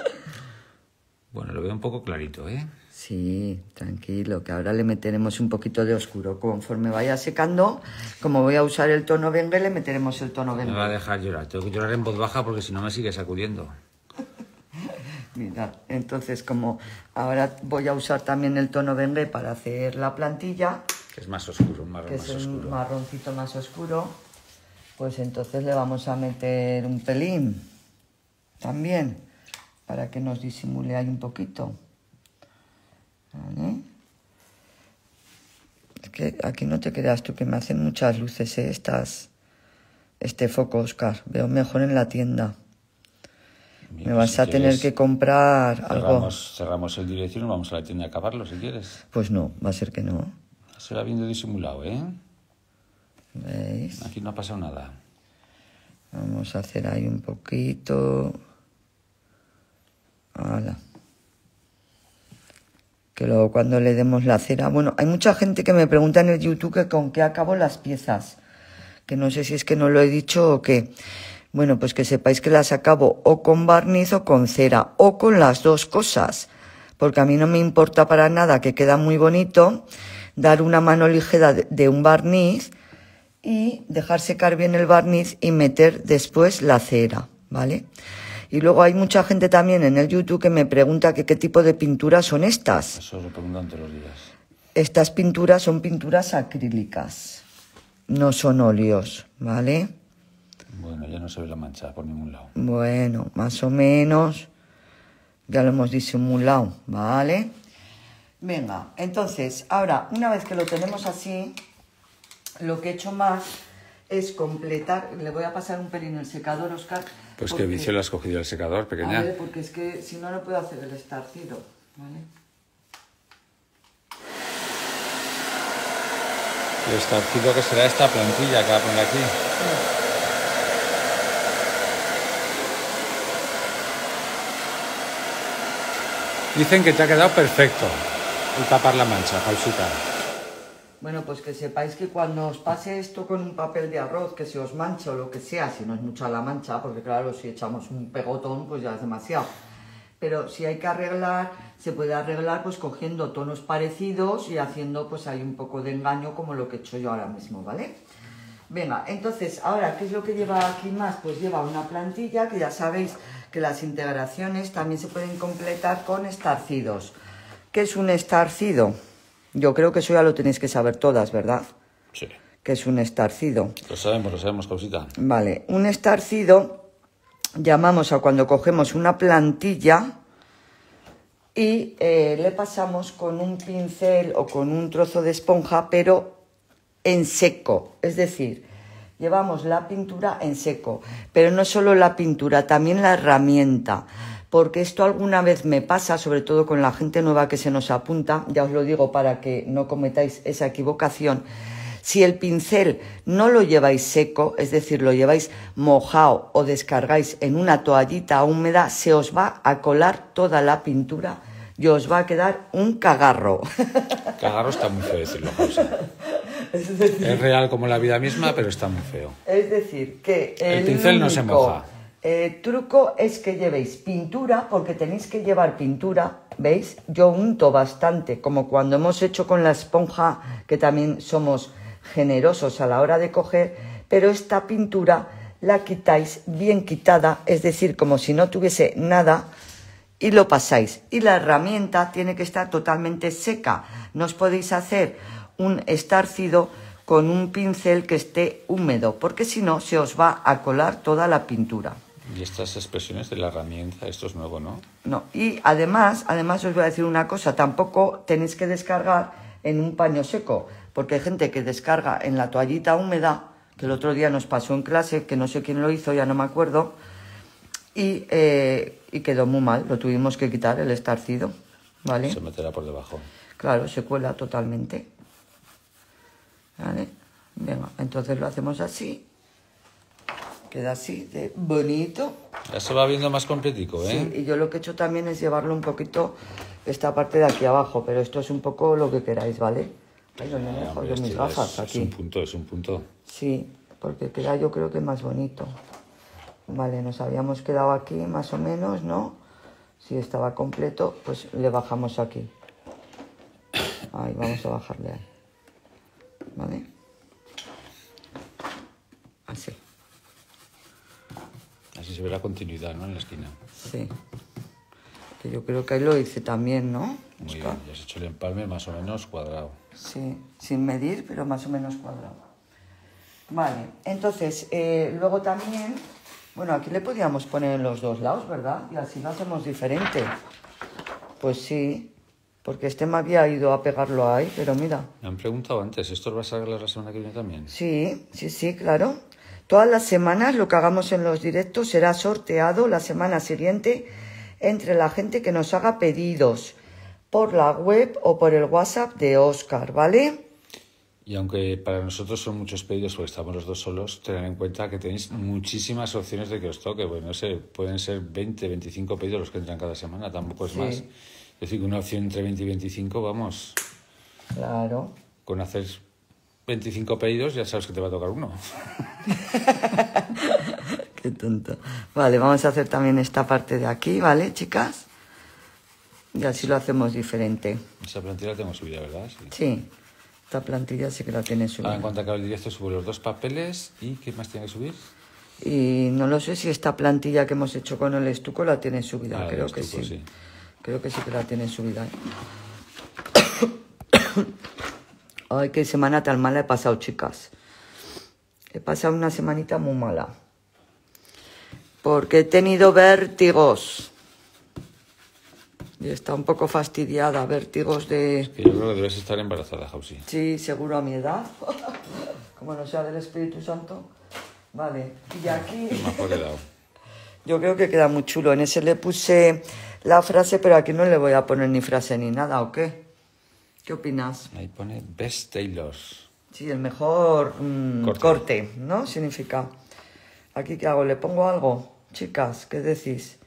*laughs* bueno, lo veo un poco clarito, ¿eh? Sí, tranquilo, que ahora le meteremos un poquito de oscuro. Conforme vaya secando, como voy a usar el tono bengue, le meteremos el tono bengue. Me va a dejar llorar, tengo que llorar en voz baja porque si no me sigue sacudiendo. *laughs* Mira, entonces como ahora voy a usar también el tono bengue para hacer la plantilla... Que es más oscuro, un marrón que es marroncito más oscuro, pues entonces le vamos a meter un pelín también para que nos disimule ahí un poquito. Es que aquí no te creas tú que me hacen muchas luces eh, estas este foco, Oscar. Veo mejor en la tienda. me pues vas a tener que comprar algo. Cerramos el dirección y vamos a la tienda a acabarlo, si quieres. Pues no, va a ser que no. Será viendo disimulado, ¿eh? ¿Veis? Aquí no ha pasado nada. Vamos a hacer ahí un poquito. Hala que luego cuando le demos la cera. Bueno, hay mucha gente que me pregunta en el YouTube que con qué acabo las piezas, que no sé si es que no lo he dicho o qué. Bueno, pues que sepáis que las acabo o con barniz o con cera, o con las dos cosas, porque a mí no me importa para nada que queda muy bonito dar una mano ligera de un barniz y dejar secar bien el barniz y meter después la cera, ¿vale? Y luego hay mucha gente también en el YouTube que me pregunta que qué tipo de pinturas son estas. Eso lo preguntan todos los días. Estas pinturas son pinturas acrílicas, no son óleos, ¿vale? Bueno, ya no se ve la mancha por ningún lado. Bueno, más o menos, ya lo hemos disimulado, ¿vale? Venga, entonces, ahora, una vez que lo tenemos así, lo que he hecho más es completar, le voy a pasar un pelín el secador, Oscar, pues qué vicio lo has cogido el secador, pequeña. A ver, porque es que si no, no puedo hacer el estarcido, ¿vale? El estarcido que será esta plantilla que va a poner aquí. Dicen que te ha quedado perfecto el tapar la mancha, falsita. Bueno, pues que sepáis que cuando os pase esto con un papel de arroz, que se os mancha o lo que sea, si no es mucha la mancha, porque claro, si echamos un pegotón, pues ya es demasiado. Pero si hay que arreglar, se puede arreglar pues cogiendo tonos parecidos y haciendo pues hay un poco de engaño como lo que he hecho yo ahora mismo, ¿vale? Venga, entonces, ahora, ¿qué es lo que lleva aquí más? Pues lleva una plantilla, que ya sabéis que las integraciones también se pueden completar con estarcidos. ¿Qué es un estarcido? Yo creo que eso ya lo tenéis que saber todas, ¿verdad? Sí. Que es un estarcido. Lo sabemos, lo sabemos, Causita. Vale, un estarcido llamamos a cuando cogemos una plantilla y eh, le pasamos con un pincel o con un trozo de esponja, pero en seco. Es decir, llevamos la pintura en seco, pero no solo la pintura, también la herramienta porque esto alguna vez me pasa, sobre todo con la gente nueva que se nos apunta, ya os lo digo para que no cometáis esa equivocación. Si el pincel no lo lleváis seco, es decir, lo lleváis mojado o descargáis en una toallita húmeda, se os va a colar toda la pintura y os va a quedar un cagarro. *laughs* Cagarro está muy feo decirlo, *laughs* Es, real como la vida misma, pero está muy feo. Es decir, que el pincel no se moja. El eh, truco es que llevéis pintura, porque tenéis que llevar pintura, ¿veis? Yo unto bastante, como cuando hemos hecho con la esponja, que también somos generosos a la hora de coger, pero esta pintura la quitáis bien quitada, es decir, como si no tuviese nada, y lo pasáis. Y la herramienta tiene que estar totalmente seca. No os podéis hacer un estarcido con un pincel que esté húmedo, porque si no se os va a colar toda la pintura. Y estas expresiones de la herramienta, esto es nuevo, ¿no? No, y además, además os voy a decir una cosa, tampoco tenéis que descargar en un paño seco, porque hay gente que descarga en la toallita húmeda, que el otro día nos pasó en clase, que no sé quién lo hizo, ya no me acuerdo, y, eh, y quedó muy mal, lo tuvimos que quitar el estarcido, ¿vale? Se meterá por debajo. Claro, se cuela totalmente. ¿Vale? Venga, entonces lo hacemos así Queda así de bonito. Ya se va viendo más completico, ¿eh? Sí, y yo lo que he hecho también es llevarlo un poquito esta parte de aquí abajo, pero esto es un poco lo que queráis, ¿vale? ahí donde me dejo yo mis bajas aquí? Es un punto, es un punto. Sí, porque queda yo creo que más bonito. Vale, nos habíamos quedado aquí más o menos, ¿no? Si estaba completo, pues le bajamos aquí. Ahí, vamos a bajarle ahí. ¿Vale? Así se ve la continuidad, ¿no? En la esquina. Sí. Que yo creo que ahí lo hice también, ¿no? Muy bien, ya has hecho el empalme más o menos cuadrado. Sí, sin medir, pero más o menos cuadrado. Vale, entonces, eh, luego también, bueno, aquí le podíamos poner en los dos lados, ¿verdad? Y así lo hacemos diferente. Pues sí, porque este me había ido a pegarlo ahí, pero mira. Me han preguntado antes, ¿esto lo vas a arreglar la semana que viene también? Sí, sí, sí, claro. Todas las semanas lo que hagamos en los directos será sorteado la semana siguiente entre la gente que nos haga pedidos por la web o por el WhatsApp de Oscar, ¿vale? Y aunque para nosotros son muchos pedidos porque estamos los dos solos, tened en cuenta que tenéis muchísimas opciones de que os toque. Bueno, sé, pueden ser 20, 25 pedidos los que entran cada semana, tampoco es más. Es decir, una opción entre 20 y 25, vamos. Claro. Con hacer 25 pedidos, ya sabes que te va a tocar uno. *laughs* Qué tonto. Vale, vamos a hacer también esta parte de aquí, ¿vale, chicas? Y así lo hacemos diferente. Esa plantilla la tenemos subida, ¿verdad? Sí. Esta plantilla sí que la tiene subida. Ah, en cuanto acabe el directo subo los dos papeles y ¿qué más tiene que subir? Y no lo sé si esta plantilla que hemos hecho con el estuco la tiene subida, ah, creo que sí. Creo que sí que la tiene subida. ¿eh? *coughs* Ay, qué semana tan mala he pasado, chicas. He pasado una semanita muy mala. Porque he tenido vértigos. Y está un poco fastidiada, vértigos de... que yo creo que debes estar embarazada, Jausi. Sí, seguro a mi edad. *laughs* Como no sea del Espíritu Santo. Vale, y aquí... *laughs* Yo creo que queda muy chulo. En ese le puse la frase, pero aquí no le voy a poner ni frase ni nada, ¿o qué? ¿Qué opinas? Ahí pone Best Taylor. Sí, el mejor mm, corte. ¿no? Significa. Aquí, ¿qué hago? ¿Le pongo algo? Chicas, ¿qué decís?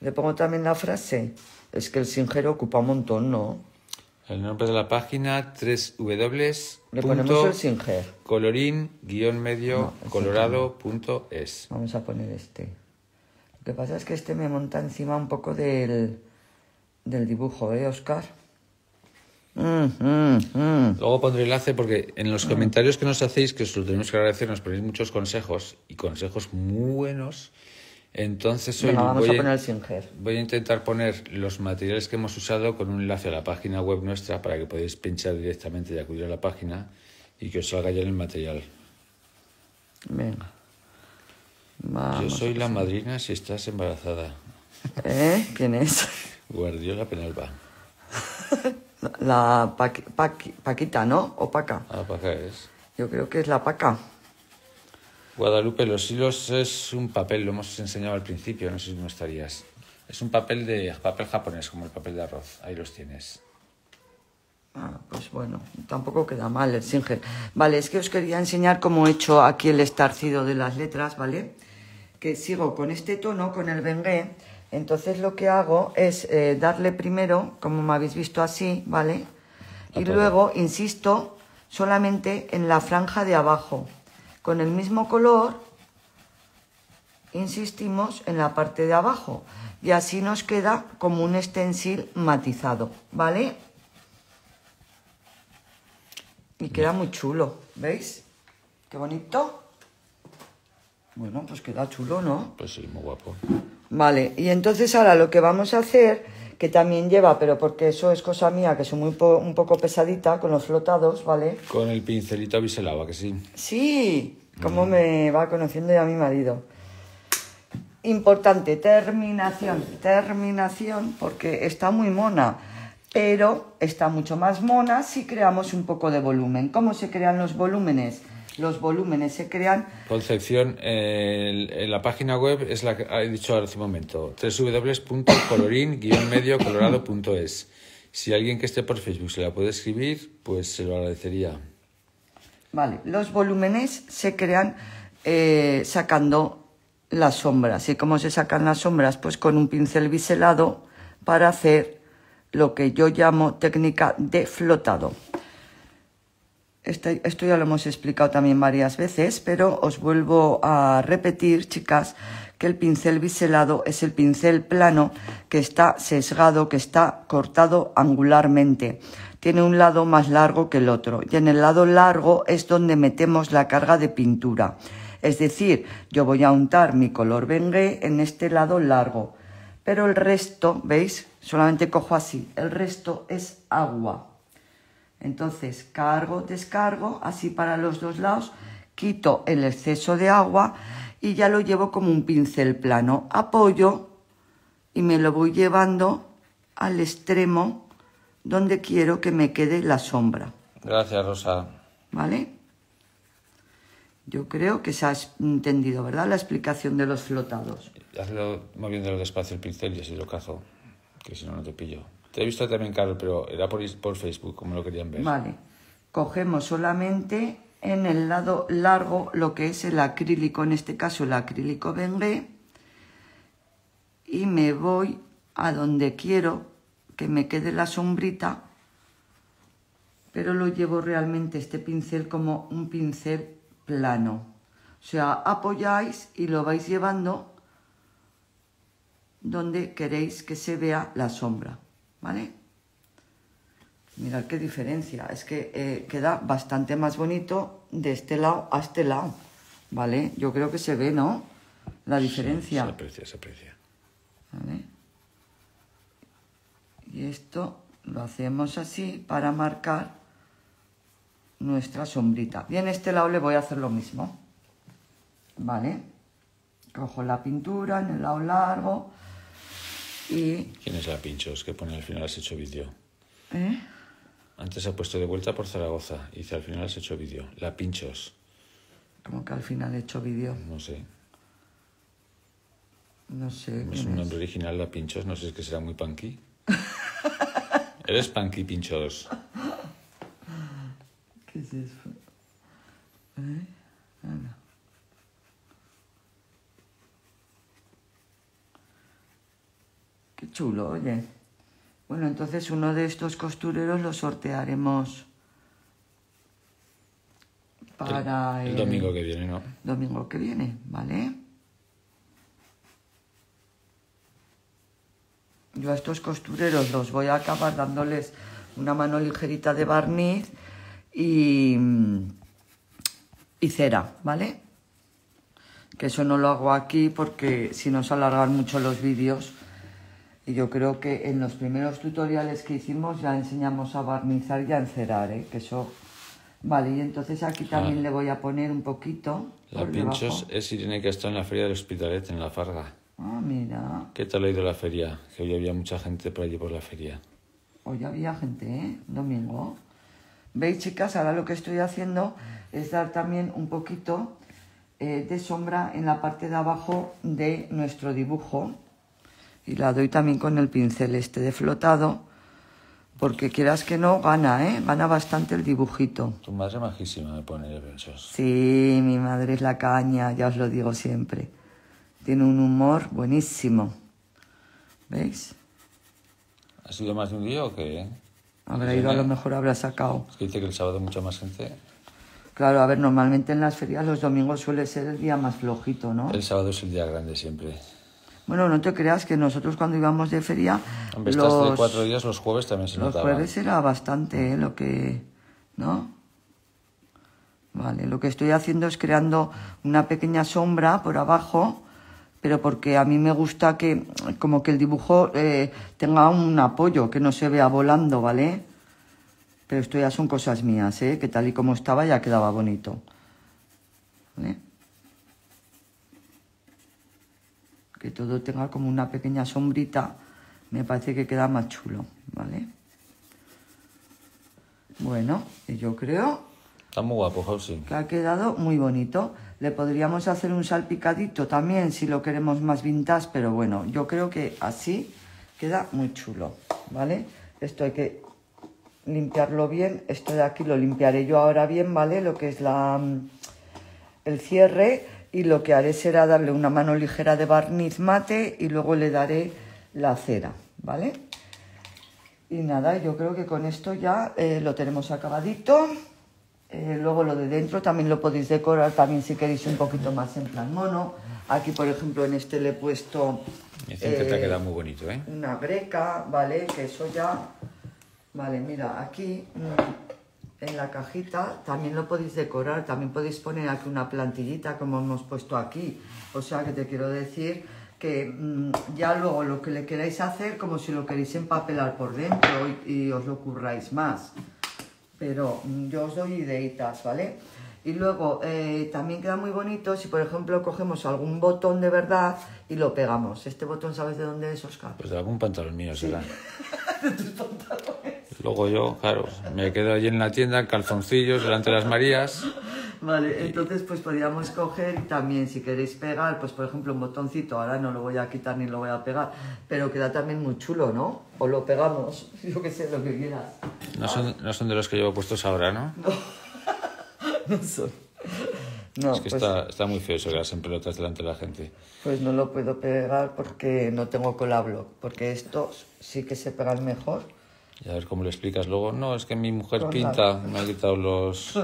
¿Le pongo también la frase? Es que el singero ocupa un montón, ¿no? El nombre de la página, 3 w Le ponemos el Colorín, guión medio, colorado.es. Vamos a poner este. Lo que pasa es que este me monta encima un poco del, del dibujo, ¿eh, Oscar? Mm, mm, mm. Luego pondré enlace porque en los comentarios que nos hacéis, que os lo tenemos que agradecer, nos ponéis muchos consejos y consejos muy buenos. Entonces voy, a intentar poner los materiales que hemos usado con un enlace a la página web nuestra para que podáis pinchar directamente y acudir a la página y que os salga ya el material. Venga. Yo soy la madrina si estás embarazada. ¿Eh? ¿Quién es? Guardiola Penalba la Paquita, ¿no? O Paca. Ah, Paca es. Yo creo que es la Paca. Guadalupe, los hilos es un papel, lo hemos enseñado al principio, no sé si no estarías. Es un papel de papel japonés, como el papel de arroz. Ahí los tienes. Ah, pues bueno, tampoco queda mal el Singer. Vale, es que os quería enseñar cómo he hecho aquí el estarcido de las letras, ¿vale? Que sigo con este tono, con el bengué, entonces lo que hago es eh, darle primero, como me habéis visto así, ¿vale? Y luego insisto solamente en la franja de abajo. Con el mismo color insistimos en la parte de abajo y así nos queda como un stencil matizado, ¿vale? Y queda muy chulo, ¿veis? Qué bonito. Bueno, pues queda chulo, ¿no? Pues sí, muy guapo. Vale, y entonces ahora lo que vamos a hacer, que también lleva, pero porque eso es cosa mía, que soy muy un poco pesadita con los flotados, ¿vale? Con el pincelito biselaba, que sí. Sí, como mm. me va conociendo ya mi marido. Importante, terminación, terminación, porque está muy mona, pero está mucho más mona si creamos un poco de volumen. ¿Cómo se crean los volúmenes? los volúmenes se crean. Concepción, en la página web es la que he dicho hace un momento, wwwcolorin mediocoloradoes Si alguien que esté por Facebook se la puede escribir, pues se lo agradecería. Vale, los volúmenes se crean eh, sacando las sombras. ¿Y cómo se sacan las sombras? Pues con un pincel biselado para hacer lo que yo llamo técnica de flotado. Este, esto ya lo hemos explicado también varias veces, pero os vuelvo a repetir, chicas, que el pincel biselado es el pincel plano que está sesgado, que está cortado angularmente. Tiene un lado más largo que el otro y en el lado largo es donde metemos la carga de pintura. Es decir, yo voy a untar mi color bengue en este lado largo, pero el resto, ¿veis? Solamente cojo así, el resto es agua. Entonces cargo, descargo, así para los dos lados, quito el exceso de agua y ya lo llevo como un pincel plano. Apoyo y me lo voy llevando al extremo donde quiero que me quede la sombra. Gracias, Rosa. ¿Vale? Yo creo que se ha entendido, ¿verdad? La explicación de los flotados. Hazlo moviéndolo despacio el pincel y así lo cazo, que si no, no te pillo. Te he visto también, Carlos, pero era por, Facebook, como lo querían ver. Vale. Cogemos solamente en el lado largo lo que es el acrílico, en este caso el acrílico bengue, y me voy a donde quiero que me quede la sombrita, pero lo llevo realmente este pincel como un pincel plano. O sea, apoyáis y lo vais llevando donde queréis que se vea la sombra. ¿vale? Mirad qué diferencia, es que eh, queda bastante más bonito de este lado a este lado, ¿vale? Yo creo que se ve, ¿no? La diferencia. se aprecia, se aprecia. ¿Vale? Y esto lo hacemos así para marcar nuestra sombrita. Y en este lado le voy a hacer lo mismo, ¿vale? Cojo la pintura en el lado largo y... ¿Quién es la Pinchos que pone al final has hecho vídeo? ¿Eh? Antes ha puesto de vuelta por Zaragoza y dice al final has hecho vídeo. La Pinchos. ¿Cómo que al final he hecho vídeo? No sé. No sé. Es un nombre original, La Pinchos. No sé, es que será muy punky. *laughs* Eres punky, Pinchos. ¿Qué es eso? ¿Eh? Ah, no. chulo, oye. Bueno, entonces uno de estos costureros lo sortearemos para el, domingo que viene, ¿no? Domingo que viene, ¿vale? Yo a estos costureros los voy a acabar dándoles una mano ligerita de barniz y, y cera, ¿vale? Que eso no lo hago aquí porque si nos se alargan mucho los vídeos y yo creo que en los primeros tutoriales que hicimos ya enseñamos a barnizar y a encerar, ¿eh? que eso... Vale, y entonces aquí también ah. le voy a poner un poquito. La pinchos es si tiene que estar en la feria del Hospitalet, en La Farga. Ah, mira. ¿Qué tal ha ido la feria? Que hoy había mucha gente por allí por la feria. Hoy había gente, ¿eh? Domingo. ¿Veis, chicas? Ahora lo que estoy haciendo es dar también un poquito eh, de sombra en la parte de abajo de nuestro dibujo y la doy también con el pincel este de flotado porque quieras que no, gana, ¿eh? Gana bastante el dibujito. Tu madre majísima me pone de Sí, mi madre es la caña, ya os lo digo siempre. Tiene un humor buenísimo. ¿Veis? ¿Ha sido más de un día o qué? Habrá ido, a lo mejor habrá sacado. Es dice que el sábado mucha más gente. Claro, a ver, normalmente en las ferias los domingos suele ser el día más flojito, ¿no? El sábado es el día grande siempre. Bueno, no te creas que nosotros cuando íbamos de feria... En los, cuatro días, los jueves también se Los jueves era bastante ¿eh? lo que... ¿No? Vale, lo que estoy haciendo es creando una pequeña sombra por abajo, pero porque a mí me gusta que como que el dibujo eh, tenga un apoyo, que no se vea volando, ¿vale? Pero esto ya son cosas mías, ¿eh? Que tal y como estaba ya quedaba bonito. ¿Vale? que todo tenga como una pequeña sombrita, me parece que queda más chulo, ¿vale? Bueno, yo creo... Está muy guapo, Que ha quedado muy bonito. Le podríamos hacer un salpicadito también si lo queremos más vintage, pero bueno, yo creo que así queda muy chulo, ¿vale? Esto hay que limpiarlo bien. Esto de aquí lo limpiaré yo ahora bien, ¿vale? Lo que es la, mm, el cierre y lo que haré será darle una mano ligera de barniz mate y luego le daré la cera, ¿vale? Y nada, yo creo que con esto ya eh, lo tenemos acabadito. Eh, luego lo de dentro también lo podéis decorar también si queréis un poquito más en plan mono. Aquí, por ejemplo, en este le he puesto... Este muy bonito, ¿eh? Una breca, ¿vale? Que eso ya... Vale, mira, aquí mm, en la cajita, también lo podéis decorar, también podéis poner aquí una plantillita como hemos puesto aquí. O sea que te quiero decir que mm, ya luego lo que le queráis hacer, como si lo queréis empapelar por dentro y, os lo curráis más. Pero mm, yo os doy ideitas, ¿vale? Y luego eh, también queda muy bonito si, por ejemplo, cogemos algún botón de verdad y lo pegamos. ¿Este botón sabes de dónde es, Oscar? Pues de algún pantalón mío *laughs* de tus pantalones. Luego yo, claro, me quedo allí en la tienda, calzoncillos, delante de las Marías. Vale, entonces pues podríamos coger también, si queréis pegar, pues por ejemplo un botoncito, ahora no lo voy a quitar ni lo voy a pegar, pero queda también muy chulo, ¿no? O lo pegamos, *laughs* yo que sé, lo que quieras. No son, de los que llevo puestos ahora, ¿no? No, *laughs* son. es que pues está, muy feo eso, que en pelotas delante de la gente. Pues no lo puedo pegar porque no tengo colablo, porque estos sí que se pegan mejor y a ver cómo le explicas luego. No, es que mi mujer pinta, me ha quitado los. *laughs*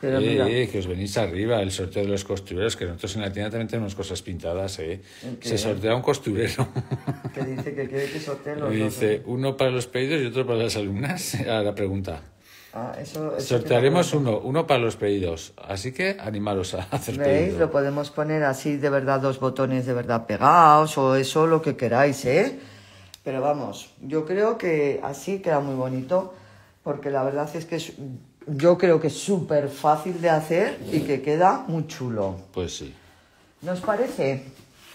Con que os venís arriba, el sorteo de los costureros, que nosotros en la tienda también tenemos cosas pintadas, ¿eh? Se sortea un costurero. *laughs* Que dice que quiere que sortee los y Dice, ¿eh? uno para los pedidos y otro para las alumnas, *laughs* a la pregunta. Ah, Sortearemos uno, uno para los pedidos. Así que animaros a hacer ¿Veis? Lo podemos poner así de verdad, dos botones de verdad pegados o eso, lo que queráis, ¿eh? Pero vamos, yo creo que así queda muy bonito, porque la verdad es que es, yo creo que es súper fácil de hacer y que queda muy chulo. Pues sí. ¿Nos parece?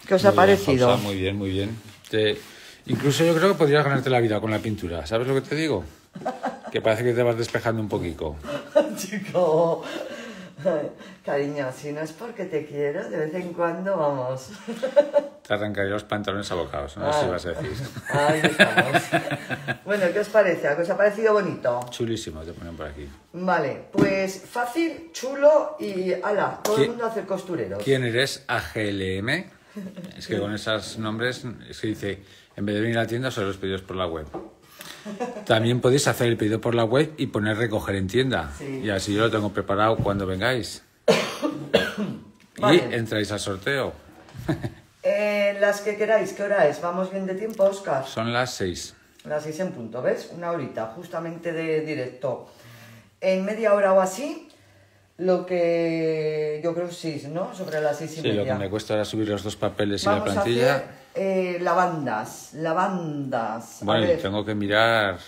¿Qué os ha parecido? muy bien, muy bien. incluso yo creo que podrías ganarte la vida con la pintura. ¿Sabes lo que te digo? Que parece que te vas despejando un poquito. *laughs* Chico, *laughs* Cariño, si no es porque te quiero, de vez en cuando vamos. *laughs* Te arrancaría los pantalones abocados, ¿no? sé si ah. vas a decir. Ahí *laughs* bueno, ¿qué os parece? ¿A os ha parecido bonito? Chulísimo, te ponen por aquí. Vale, pues fácil, chulo y ala, todo el mundo hace costureros. ¿Quién eres? AGLM. Es que con esos nombres, es que dice, en vez de venir a la tienda, solo los pedidos por la web. También podéis hacer el pedido por la web y poner recoger en tienda. Y así yo lo tengo preparado cuando vengáis. *coughs* Y entráis al sorteo. *laughs* Eh, las que queráis, ¿qué hora es? ¿Vamos bien de tiempo, Oscar? Son las seis. Las seis en punto, ¿ves? Una horita, justamente de directo. En media hora o así, lo que yo creo sí, ¿no? Sobre las seis y sí, lo que me cuesta ahora subir los dos papeles y la plantilla. Eh, lavandas, lavandas. Bueno, tengo que mirar.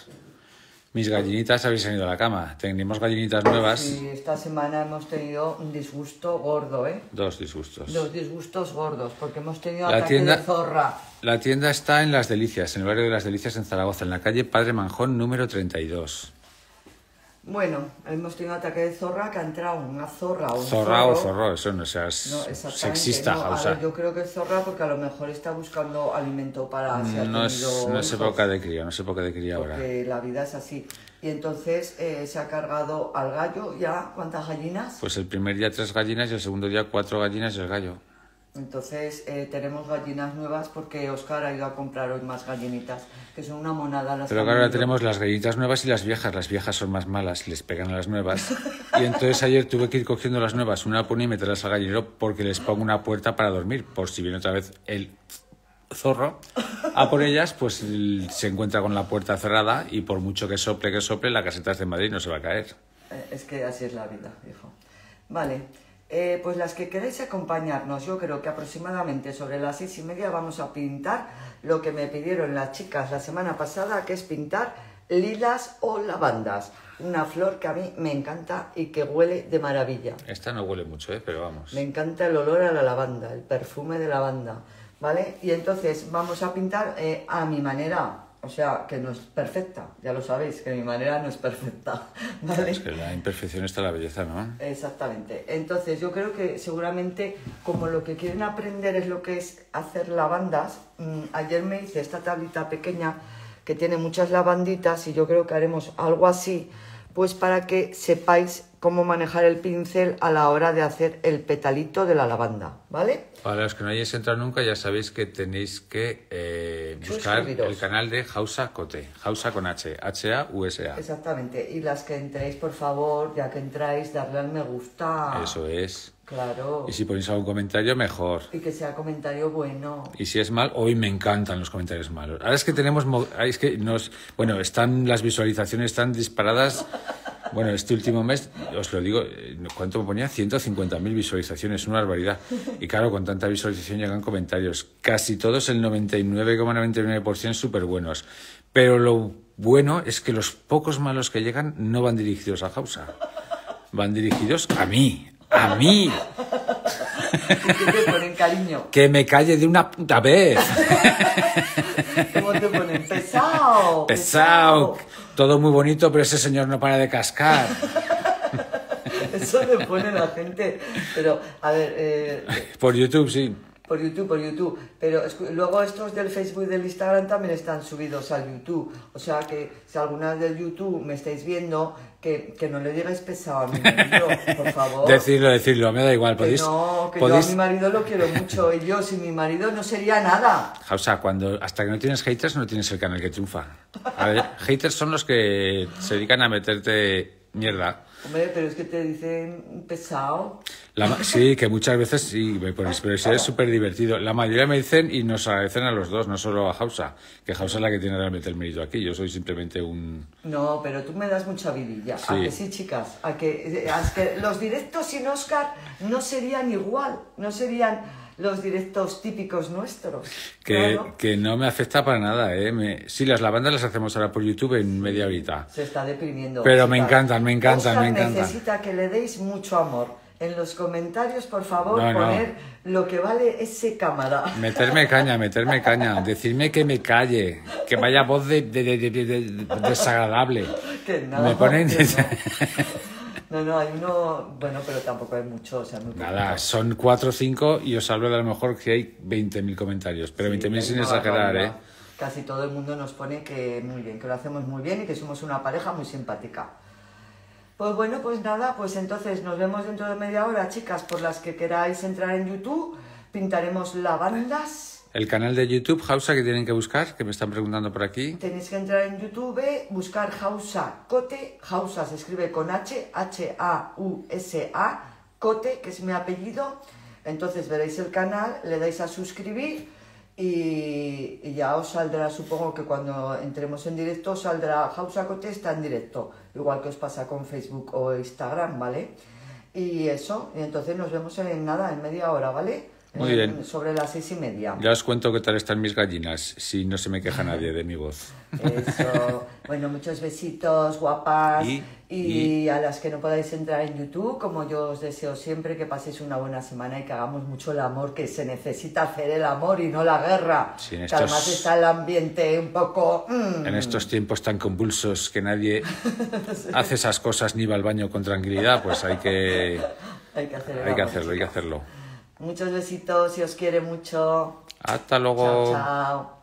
Mis gallinitas habéis salido a la cama. Tenemos gallinitas nuevas. esta semana hemos tenido un disgusto gordo, ¿eh? Dos disgustos. Dos disgustos gordos, porque hemos tenido la tienda, zorra. La tienda está en Las Delicias, en el barrio de Las Delicias, en Zaragoza, en la calle Padre Manjón número 32. Bueno, hemos tenido un ataque de zorra que ha entrado una zorra o un zorra o zorro, eso no seas sexista, yo creo que es zorra porque a lo mejor está buscando alimento para... no, es, no época de cría, no es época de cría ahora. Porque la vida es así. Y entonces eh, se ha cargado al gallo ya, ¿cuántas gallinas? Pues el primer día tres gallinas y el segundo día cuatro gallinas y el gallo. Entonces eh, tenemos gallinas nuevas porque Oscar ha ido a comprar hoy más gallinitas, que son una monada las Pero ahora tenemos las gallinitas nuevas y las viejas. Las viejas son más malas, les pegan a las nuevas. *laughs* Y entonces ayer tuve que ir cogiendo las nuevas, una pone y meterlas al gallinero porque les pongo una puerta para dormir, por si viene otra vez el zorro a por ellas, pues se encuentra con la puerta cerrada y por mucho que sople, que sople, la caseta es de Madrid no se va a caer. Eh, es que así es la vida, hijo. Vale. Eh, pues las que queréis acompañarnos, yo creo que aproximadamente sobre las seis y media vamos a pintar lo que me pidieron las chicas la semana pasada, que es pintar lilas o lavandas. Una flor que a mí me encanta y que huele de maravilla. Esta no huele mucho, ¿eh? pero vamos. Me encanta el olor a la lavanda, el perfume de lavanda, ¿vale? Y entonces vamos a pintar eh, a mi manera, o sea, que no es perfecta, ya lo sabéis, que mi manera no es perfecta. *laughs* ¿vale? Es que la imperfección está la belleza, ¿no? Exactamente. Entonces, yo creo que seguramente, como lo que quieren aprender es lo que es hacer lavandas, mm, ayer me hice esta tablita pequeña que tiene muchas lavanditas y yo creo que haremos algo así, pues para que sepáis cómo manejar el pincel a la hora de hacer el petalito de la lavanda. Para los que no hayáis entrado nunca, ya sabéis que tenéis que eh, buscar el canal de Hausa Cote, Hausa con H, H-A-U-S-A. Exactamente, y las que entréis, por favor, ya que entráis, darle al me gusta. Eso es. Claro. Y si ponéis algún comentario, mejor. Y que sea comentario bueno. Y si es mal, hoy me encantan los comentarios malos. Ahora es que tenemos. Es que nos, bueno, están las visualizaciones están disparadas. Bueno, este último mes, os lo digo, eh, ¿cuánto me ponía? 150.000 visualizaciones, una barbaridad. Y claro, con tanta visualización llegan comentarios. Casi todos, el 99,99% súper buenos. Pero lo bueno es que los pocos malos que llegan no van dirigidos a Hausa. Van dirigidos a mí. ¡A mí! te ponen cariño? *laughs* Que me calle de una puta vez. ¿Cómo te ponen? Pesado. Pesado. Todo muy bonito, pero ese señor no para de cascar eso le pone la gente. Pero, a ver. Eh, por YouTube, sí. Por YouTube, por YouTube. Pero luego estos del Facebook y del Instagram también están subidos al YouTube. O sea que si alguna del YouTube me estáis viendo, que, no le digáis pesado a mi marido, por favor. decirlo, decirlo, me da igual. ¿podéis, no, que yo a mi marido lo quiero mucho. Y yo sin mi marido no sería nada. O sea, cuando, hasta que no tienes haters, no tienes el canal que triunfa. A ver, haters son los que se dedican a meterte mierda. Hombre, pero es que te dicen pesado. sí, que muchas veces sí, pero es súper divertido. La mayoría me dicen y nos agradecen a los dos, no solo a Hausa, que Hausa es la que tiene realmente el mérito aquí. Yo soy simplemente un. No, pero tú me das mucha vidilla. Sí. A que sí, chicas. A que, a que los directos sin Oscar no serían igual, no serían los directos típicos nuestros. Que, que no me afecta para nada, ¿eh? sí, las lavandas las hacemos ahora por YouTube en media horita. Se está deprimiendo. Pero me encantan, me encantan, me encantan. necesita que le deis mucho amor. En los comentarios, por favor, poner lo que vale ese cámara. Meterme caña, meterme caña. Decirme que me calle, que vaya voz de, desagradable. Que nada. me ponen... *laughs* No, no, hay uno, bueno, pero tampoco hay mucho, o sea, Nada, son cuatro o cinco y os hablo de a lo mejor que hay 20.000 comentarios, pero veinte 20.000 sin exagerar, ¿eh? Casi todo el mundo nos pone que muy bien, que lo hacemos muy bien y que somos una pareja muy simpática. Pues bueno, pues nada, pues entonces nos vemos dentro de media hora, chicas, por las que queráis entrar en YouTube, pintaremos lavandas el canal de YouTube, Hausa, que tienen que buscar, que me están preguntando por aquí. Tenéis que entrar en YouTube, buscar Hausa Cote. Hausa se escribe con H, H-A-U-S-A, Cote, que es mi apellido. Entonces veréis el canal, le dais a suscribir y, ya os saldrá, supongo que cuando entremos en directo, saldrá Hausa Cote está en directo, igual que os pasa con Facebook o Instagram, ¿vale? Y eso, y entonces nos vemos en nada, en media hora, ¿vale? Muy eh, bien. Sobre las seis y media. Ya os cuento qué tal están mis gallinas, si no se me queja nadie de mi voz. Eso. *laughs* bueno, muchos besitos, guapas. Y, a las que no podáis entrar en YouTube, como yo os deseo siempre, que paséis una buena semana y que hagamos mucho el amor, que se necesita hacer el amor y no la guerra. que además está el ambiente un poco. Mm. En estos tiempos tan convulsos que nadie *laughs* hace esas cosas ni va al baño con tranquilidad, pues hay que. hay hay, que hacerlo, hay que hacerlo. Muchos besitos, si os quiere mucho. Hasta luego. Chao, chao.